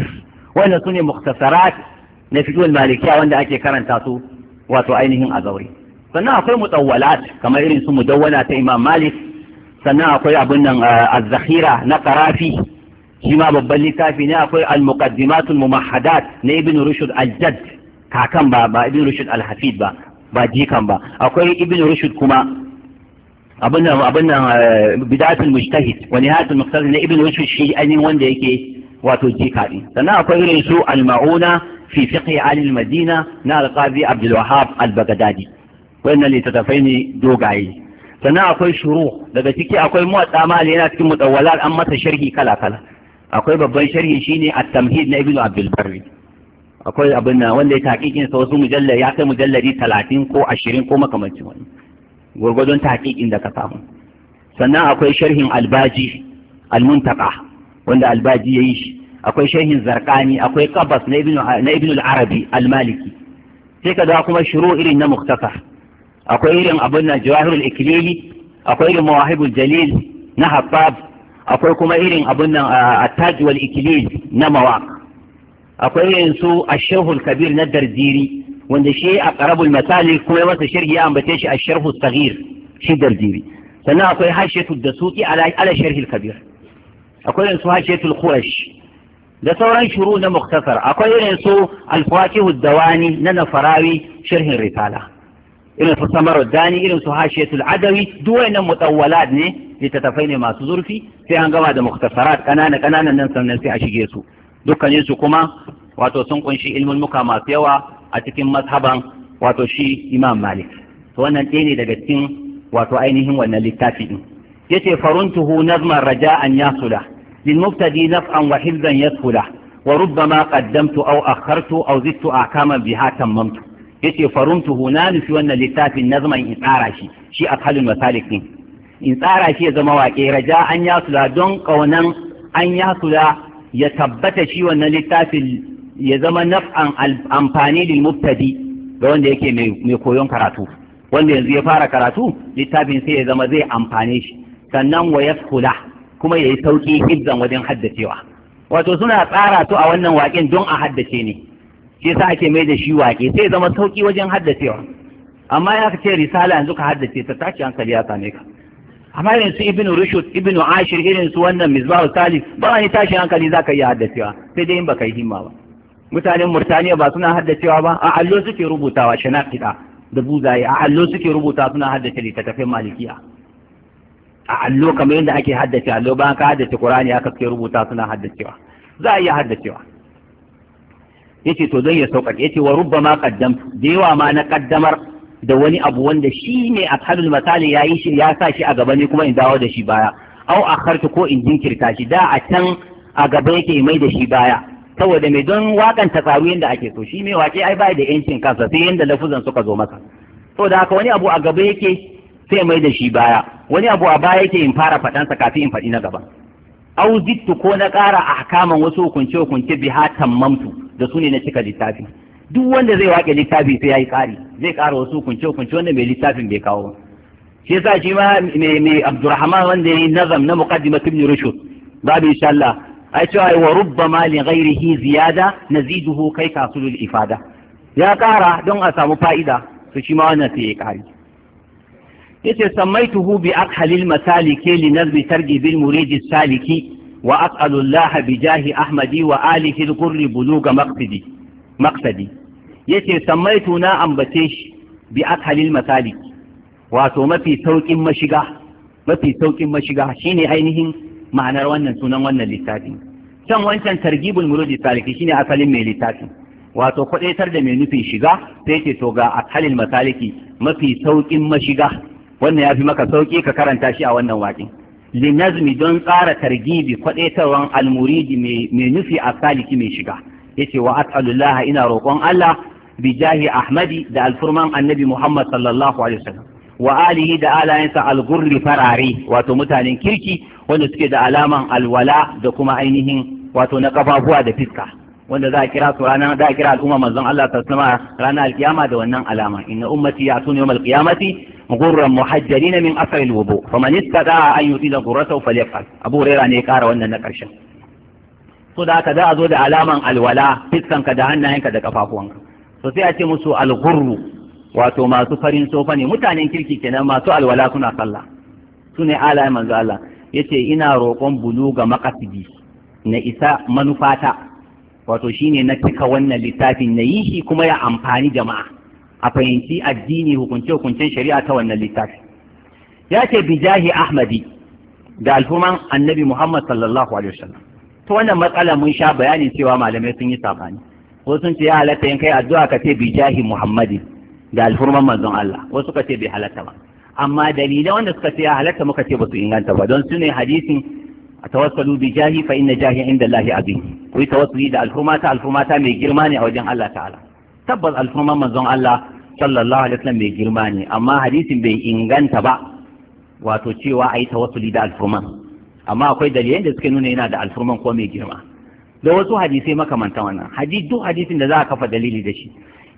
A: wannan sune muktasarat na fiqhul malikiya wanda ake karanta su wato ainihin a zaure sannan akwai mutawwalat kamar irin su mudawwana ta imam malik sannan akwai abin nan eh, az-zakhira na qarafi shi ma babban littafi ne akwai al-muqaddimatul mumahhadat na ibn rushd al-jadd kakan ba ba ibn rushd al-hafid ba ba jikan ba akwai ibn rushd kuma abin nan abin nan eh, bidatul mujtahid wa nihayatul muqtasid na ibn rushd shi ainihin wanda yake wato jika din sannan akwai irin su al-mauna fi fiqh al-madina na al-qadi abdul wahhab al-baghdadi wannan littattafai ne dogaye sannan akwai shuru daga ciki akwai muwatta mali yana cikin mutawwalar an masa sharhi kala kala akwai babban sharhi shine at-tamhid na ibnu abdul barri akwai abin nan wanda ya taqiqin sa wasu mujallal ya kai mujalladi 30 ko 20 ko makamancin wani gurgurdon taqiqin da ka samu sannan akwai sharhin albaji al almuntaka wanda albaji yayi shi akwai sharhin zarqani akwai qabas na ibnu na ibnu al-arabi al-maliki sai ka da kuma shuru irin na muktasar akwai irin abin nan jawahirul ikilili akwai irin mawahibul jalil na habab, akwai kuma irin abin nan attaj wal ikilil na mawaq akwai irin su ashehul kabir na dardiri wanda shi a karabul masali kuma ya masa sharhi ya ambace shi asharhu saghir shi dardiri sannan akwai da dasuki ala ala sharhil kabir akwai irin su hashiyatul qurash da sauran shuru na muktasar akwai irin su alfaqihu dawani na nafarawi sharhin risala irin su samar dani irin su hashiyatul adawi duk wayannan mutawwalat ne littattafai ne masu zurfi sai an gama da muktasarat kanana kananan nan sannan sai a shige su dukkanin su kuma wato sun kunshi ilmin muka masu yawa a cikin mazhaban wato shi imam malik to wannan ɗaya ne daga cikin wato ainihin wannan littafi din yace faruntuhu Raja an yasula للمبتدي نفعا وحفظا يسهله وربما قدمت أو أخرت أو a أحكاما biha تممت yace farumtuhu na nufi wannan littafin na zama in tsara shi shi akhalul masalik din in tsara shi ya zama waƙe raja an yasula don ƙaunan an yasula ya tabbata shi wannan littafin ya zama naf'an amfani lil mubtadi ga wanda yake mai koyon karatu wanda yanzu ya fara karatu littafin sai ya zama zai amfane shi sannan wa yaskula kuma yayi sauki hibzan wajen haddacewa wato suna tsara su a wannan waƙen don a haddace ne shi sa ake mai da shi wake sai zama sauki wajen haddacewa amma ya ka ce risala yanzu ka haddace ta tashi hankali ya same ka amma irin su ibnu rushd ibnu ashir irin su wannan misbahu salih ba wani tashin hankali ka iya haddacewa sai dai in baka yi himma ba mutanen murtaniya ba suna haddacewa ba a allo suke rubutawa shanafiɗa da buzaye a allo suke rubuta suna haddace littattafai malikiya a allo kamar yadda ake haddace allo bayan ka haddace qur'ani aka suke rubuta suna haddacewa za a iya haddacewa yace to zai ya sauƙaƙe yace wa rubbama qaddamtu da yawa ma na kaddamar da wani abu wanda shi ne a kalul misali ya yi shi ya sa shi a gaba ne kuma in dawo da shi baya au akhartu ko in jinkirta shi da a can a gaba yake mai da shi baya saboda mai don wakan ta tsaru yadda ake so shi mai wake ai bai da yancin kansa sai yadda lafuzan suka zo maka saboda haka wani abu a gaba yake sai mai da shi baya wani abu a baya yake in fara faɗansa kafin in faɗi na gaba au zittu ko na ƙara ahkaman wasu hukunce hukunce biha tammamtu da su ne na cika littafi duk wanda zai wake littafi sai ya yi ƙari zai ƙara wasu kunce kunce wanda mai littafin bai kawo shi yasa shi ma mai Abdurrahman wanda ya yi nazam na muqaddimat ibn rushd babu insha Allah ai cewa wa rubbama li ghairihi ziyada naziduhu kai kasulul ifada ya ƙara don a samu fa'ida su shi ma wannan sai ya ƙari yace samaituhu bi akhalil ke li nazmi targi bil muridi saliki wa as'alullaha bi jahi ahmadi wa alihi al-qurri buluga maqsidi maqsadi yace sammaitu na ambace shi bi ashalil masalik wato mafi saukin mashiga mafi saukin ainihin ma'anar wannan sunan wannan littafin can wancan targibul murudi saliki shine asalin mai littafin wato kwadaitar da mai nufin shiga sai ce to ga ashalil masaliki mafi saukin mashiga wannan ya fi maka sauki ka karanta shi a wannan waƙin linazmi don tsara targibi kwadaitawan almuridi mai nufi a saliki mai shiga yace wa asalullaha ina roƙon Allah bi jahi ahmadi da alfurman annabi muhammad sallallahu alaihi wasallam wa alihi da alayensa algurri farare wato mutanen kirki wanda suke da alaman alwala da kuma ainihin wato na kafafuwa da fiska wanda za a kira su da a kira al'umma manzon Allah ta sama ranar alkiyama da wannan alama inna ummati ya'tuna yawmal qiyamati غرا محجلين من اثر الوضوء فمن استطاع ان يزيل غرته فليفعل Abu rera ne kara wannan na karshen so da haka za a zo da alaman alwala fiskanka da hannayenka da kafafuwanka so sai a ce musu alghurru wato masu farin sofa ne mutanen kirki kenan masu alwala suna sallah su ne alayen manzo Allah yace ina roƙon bulu ga makasidi na isa manufata wato shine na cika wannan littafin na yi shi kuma ya amfani jama'a a fahimci addini hukunce-hukuncen shari'a ta wannan littafi ya ce bijahi ahmadi da alfuman annabi muhammad sallallahu alaihi wasallam to wannan matsala mun sha bayanin cewa malamai sun yi sabani wasu sun ce ya halatta yin kai addu'a ka ce bijahi muhammadi da alhurman manzon Allah wasu ka ce bai halatta ba amma dalilai wanda suka ce ya halatta muka ce ba su inganta ba don su ne hadisin tawassalu bi jahi fa inna jahi inda Allahi azim ku yi tawassuli da alfurmata alfurmata mai girma ne a wajen Allah ta'ala tabbas alfurman manzon Allah sallallahu alaihi wasallam mai girma ne amma hadisin bai inganta ba wato cewa ai tawassuli da alfurman amma akwai dalilan da suke nuna yana da alfurman ko mai girma da wasu hadisai makamanta wannan hadisi duk hadisin da za a kafa dalili da shi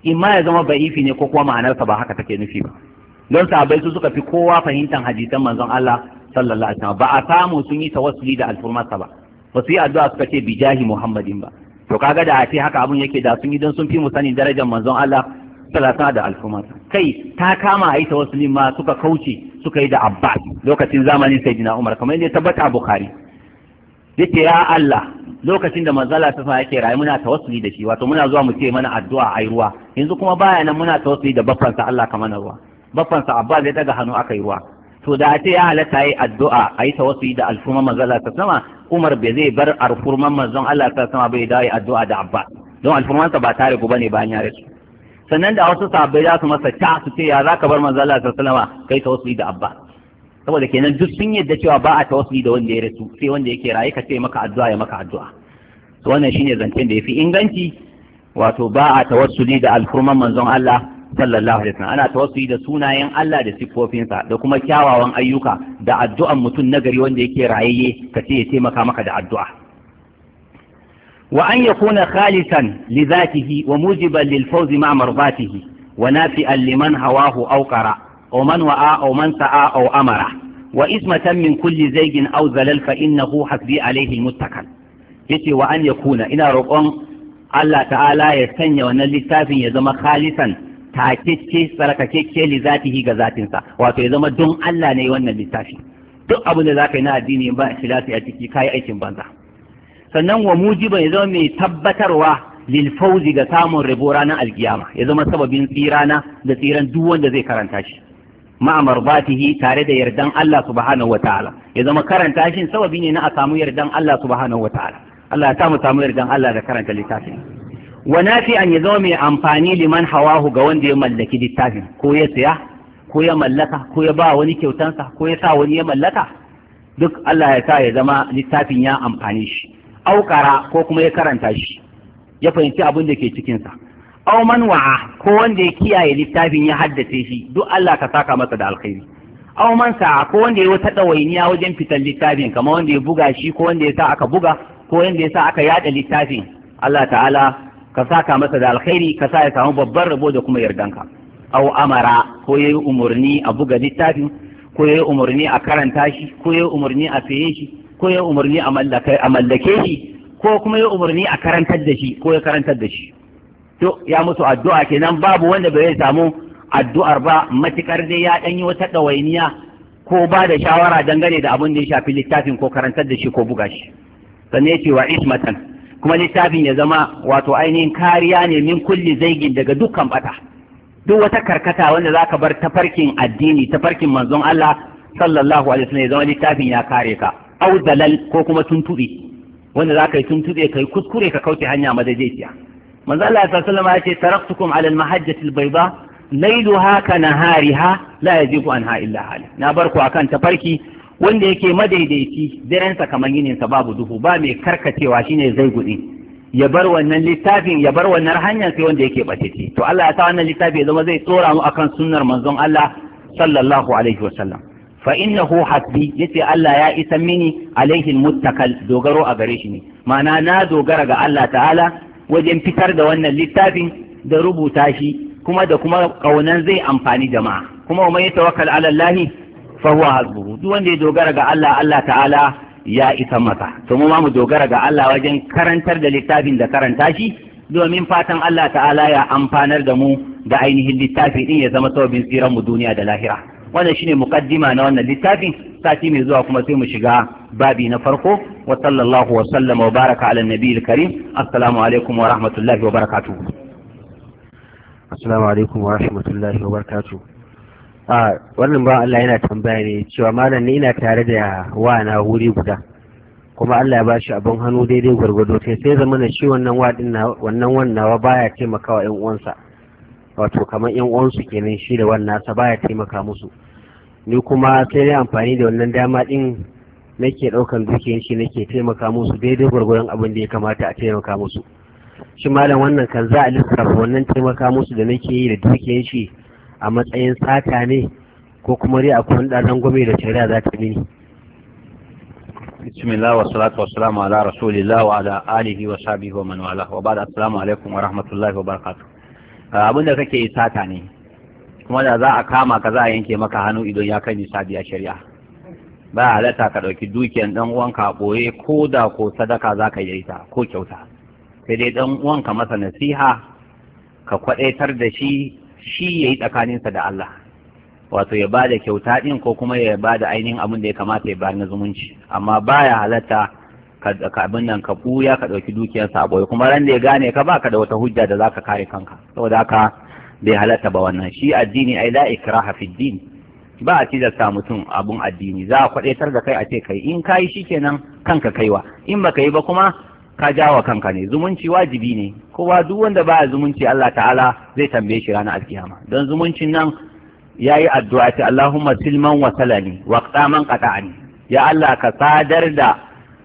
A: imma ya zama ba'ifi ne ko kuma ma'anarsa ba haka take nufi ba don sahabbai su suka fi kowa fahimtar hadisan manzon Allah sallallahu alaihi wasallam ba a samu sun yi tawassuli da alfurmarsa ba ba su yi addu'a suka ce bijahi muhammadin ba to kaga da a ce haka abun yake da sun yi don sun fi mu sanin darajar manzon Allah salasa da alfumarsa kai ta kama a yi tawassuli ma suka kauce suka yi da abbas lokacin zamanin sayyidina umar kamar yadda tabbata a bukhari yace ya Allah lokacin da manzala ta yake rayu muna tawassuli da shi wato muna zuwa mu ce mana addu'a ai ruwa yanzu kuma baya nan muna tawassuli da baffansa Allah kamar ruwa baffansa abbas ya daga hannu aka yi ruwa to da a ce ya halatta yi addu'a a yi tawassuli da alfurman manzon Allah ta sama Umar bai zai bar alfurman manzon Allah ta sama bai dawo addu'a da Abba don alfurmansa ba tare ku bane bayan ya rasu sannan da wasu sahabbai za su masa ta su ce ya za ka bar manzon Allah ta sama kai tawassuli da Abba saboda kenan duk sun yadda cewa ba a tawassuli da wanda ya rasu sai wanda yake raye ka ce maka addu'a ya maka addu'a to wannan shine zancen da yafi inganci wato ba a tawassuli da alfurman manzon Allah sallallahu alaihi wasallam ana tawassuli da sunayen Allah da sifofinsa da kuma kyawawan ayyuka da addu'an mutum nagari wanda yake rayayye ka ce ya taimaka maka da addu'a wa an yakuna khalisan li dhatihi wa mujiban lil fawz ma marbatihi wa nafi'an liman hawahu aw qara aw man wa'a aw man sa'a aw amara wa ismatan min kulli zaygin aw zalal fa innahu hasbi alayhi al yace wa an yakuna ina roƙon Allah ta'ala ya sanya wannan littafin ya zama khalisan takecce sarakakecce li zatihi ga zatinsa wato ya zama don Allah ne wannan littafi duk abin da zaka yi na addini ba ikhlasi a ciki kai aikin banza sannan wa mujiban ya zama mai tabbatarwa lil fawzi ga samun rabo ranar alkiyama ya zama sababin tsirana da tsiran duk wanda zai karanta shi ma'amar batihi tare da yardan Allah subhanahu wa ta'ala ya zama karanta shi sababi ne na a samu yardan Allah subhanahu wa ta'ala Allah ya samu samu yardan Allah da karanta littafin wa an ya zama mai amfani liman hawahu ga wanda ya mallaki littafin ko ya siya, ko ya mallaka ko ya ba wani kyautansa ko ya sa wani ya mallaka duk Allah ya sa ya zama littafin ya amfani shi aukara ko kuma ya karanta shi ya fahimci abin da ke cikinsa Au man wa'a ko wanda ya kiyaye littafin ya haddace shi duk Allah ka saka masa da alkhairi Au man sa'a ko wanda ya wata dawainiya wajen fitar littafin kamar wanda ya buga shi ko wanda ya sa aka buga ko wanda ya sa aka yada littafin Allah ta'ala ka saka masa da alkhairi ka sa ya samu babban rabo da kuma yardanka au amara ko ya yi umarni a buga littafin ko ya yi umarni a karanta shi ko ya yi umarni a saye shi ko ya yi umarni a mallake shi ko kuma ya yi umarni a karantar da shi ko ya karantar da shi to ya musu addu'a kenan babu wanda bai samu addu'ar ba matukar dai ya danyi wata dawainiya ko ba da shawara dangane da abin da ya shafi littafin ko karantar da shi ko buga shi sannan ya ce wa ismatan kuma littafin ya zama wato ainihin kariya ne min kulli zaigin daga dukkan bata duk wata karkata wanda zaka bar tafarkin addini tafarkin manzon Allah sallallahu alaihi wasallam ya zama littafin ya kare ka au dalal ko kuma tuntubi wanda ka yi tuntube yi kuskure ka kauce hanya madaidaiciya Manzon Allah sallallahu alaihi wasallam ya ce taraktukum ala al-mahajjati al-bayda lailuha ka nahariha la yajibu anha illa hali na ku akan tafarki wanda yake madaidaici darensa kamar yininsa babu duhu ba mai karkacewa shine zai gudi ya bar wannan littafin ya bar wannan hanyar sai wanda yake batete to Allah ya sa wannan littafi ya zama zai tsora mu akan sunnar manzon Allah sallallahu alaihi wasallam fa innahu hasbi yace Allah ya isa mini alaihi muttakal dogaro a gare shi ne ma'ana na dogara ga Allah ta'ala wajen fitar da wannan littafin da rubuta shi kuma da kuma kaunan zai amfani jama'a kuma wa mai tawakkal ala Allah fa huwa hasbuhu duk wanda ya dogara ga Allah Allah ta'ala ya isa masa to mu ma mu dogara ga Allah wajen karantar da littafin da karanta shi domin fatan Allah ta'ala ya amfanar da mu da ainihin littafi din ya zama sababin tsiran mu duniya da lahira wannan shine muqaddima na wannan littafin sati mai zuwa kuma sai mu shiga babi na farko wa sallallahu wa sallama wa baraka ala nabiyil karim assalamu alaikum wa rahmatullahi wa barakatuh assalamu alaikum wa rahmatullahi wa barakatuh a wannan ba Allah yana tambaya ne cewa malam ni ina tare da na wuri guda kuma Allah ya ba shi abin hannu daidai gwargwado sai sai zama na shi wannan wadin wannan ya baya taimakawa ƴan uwansa wato kamar ƴan uwansu kenan shi da wannan sa baya taimaka musu ni kuma sai dai amfani da wannan dama din nake ɗaukan dukiyar shi nake taimaka musu daidai gwargwadon abin da ya kamata a taimaka musu shi malam wannan kan za a lissafa wannan taimaka musu da nake yi da dukiyar shi a matsayin tsaka ne ko kuma dai akwai wani ɗan gwame da shari'a za ta mini bismillah wa salatu wa salamu ala rasulillah wa ala alihi wa sahbihi wa man wala wa ba'da assalamu alaikum wa rahmatullahi wa barakatuh ah, abin da kake yi tsaka ne kuma da za a kama ka za a yanke maka hannu idan ya kai nisabi a shari'a ba halatta ka ɗauki dukiyan ɗan uwanka a ɓoye ko da ko sadaka za ka yi ta ko kyauta sai dai ɗan uwanka masa nasiha ka kwaɗaitar da shi shi ya yi tsakaninsa da Allah wato ya ba da kyauta ɗin ko kuma ya ba da ainihin abin da ya kamata ya ba na zumunci amma baya halatta ka abin nan ka ɓuya ka ɗauki dukiyarsa a ɓoye. kuma ran da ya gane ka baka da wata hujja da za ka kare kanka saboda haka bai halatta ba wannan shi addini ai la ikraha fi din ba a tilasta mutum abun addini za a kwadaitar da kai a ce kai in kayi shikenan kanka kaiwa in baka yi ba kuma ka jawa kanka ne zumunci wajibi ne kowa duk wanda baya zumunci Allah ta'ala zai tambaye shi ranar alkiyama don zumuncin nan yayi addu'a ta Allahumma silman wa salani wa qaman qata'ani ya Allah ka sadar da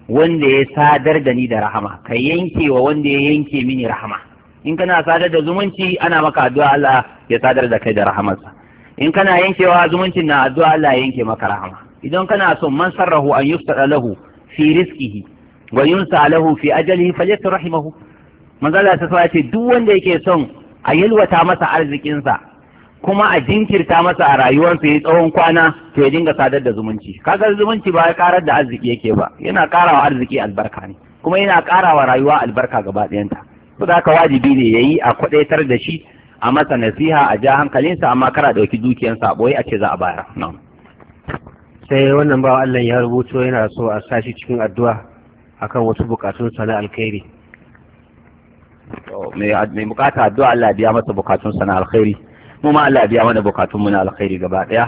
A: wanda ya sadar da ni da rahama ka yanke wa wanda ya yanke mini rahama in kana sadar da zumunci ana maka addu'a Allah ya sadar da kai da rahamarsa in kana yankewa zumuncin na addu'a Allah ya yanke maka rahama idan kana son man sarrahu an yufsada lahu fi rizqihi wa yin lahu fi ajali, falyatrahimahu manzo Allah ta ya ce duk wanda yake son a yalwata masa arzikinsa kuma a jinkirta masa a rayuwarsa ya tsawon kwana to ya dinga sadar da zumunci kaga zumunci ba ya karar da arziki yake ba yana karawa arziki albarka ne kuma yana karawa rayuwa albarka gaba ɗayanta to da haka wajibi ne yayi a kwadaitar da shi a masa nasiha a ja hankalinsa amma kara dauki dukiyarsa a boye a ce za a bayar sai wannan bawa Allah ya rubuto yana so a sashi cikin addu'a akan wasu bukatunsa na alkhairi mai bukata addu'a Allah biya masa bukatunsa na alkhairi mu ma Allah biya mana bukatunmu na alkhairi gaba daya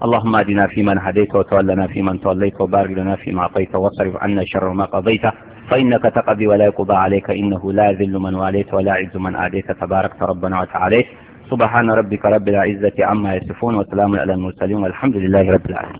A: اللهم اهدنا فيمن هديت وتولنا فيمن توليت وبارك لنا فيما اعطيت واصرف عنا شر ما قضيت فانك تقضي ولا يقضى عليك انه لا ذل من واليت ولا عز من آديت تبارك ربنا وتعاليت سبحان ربك رب العزه عما يصفون وسلام على المرسلين والحمد لله رب العالمين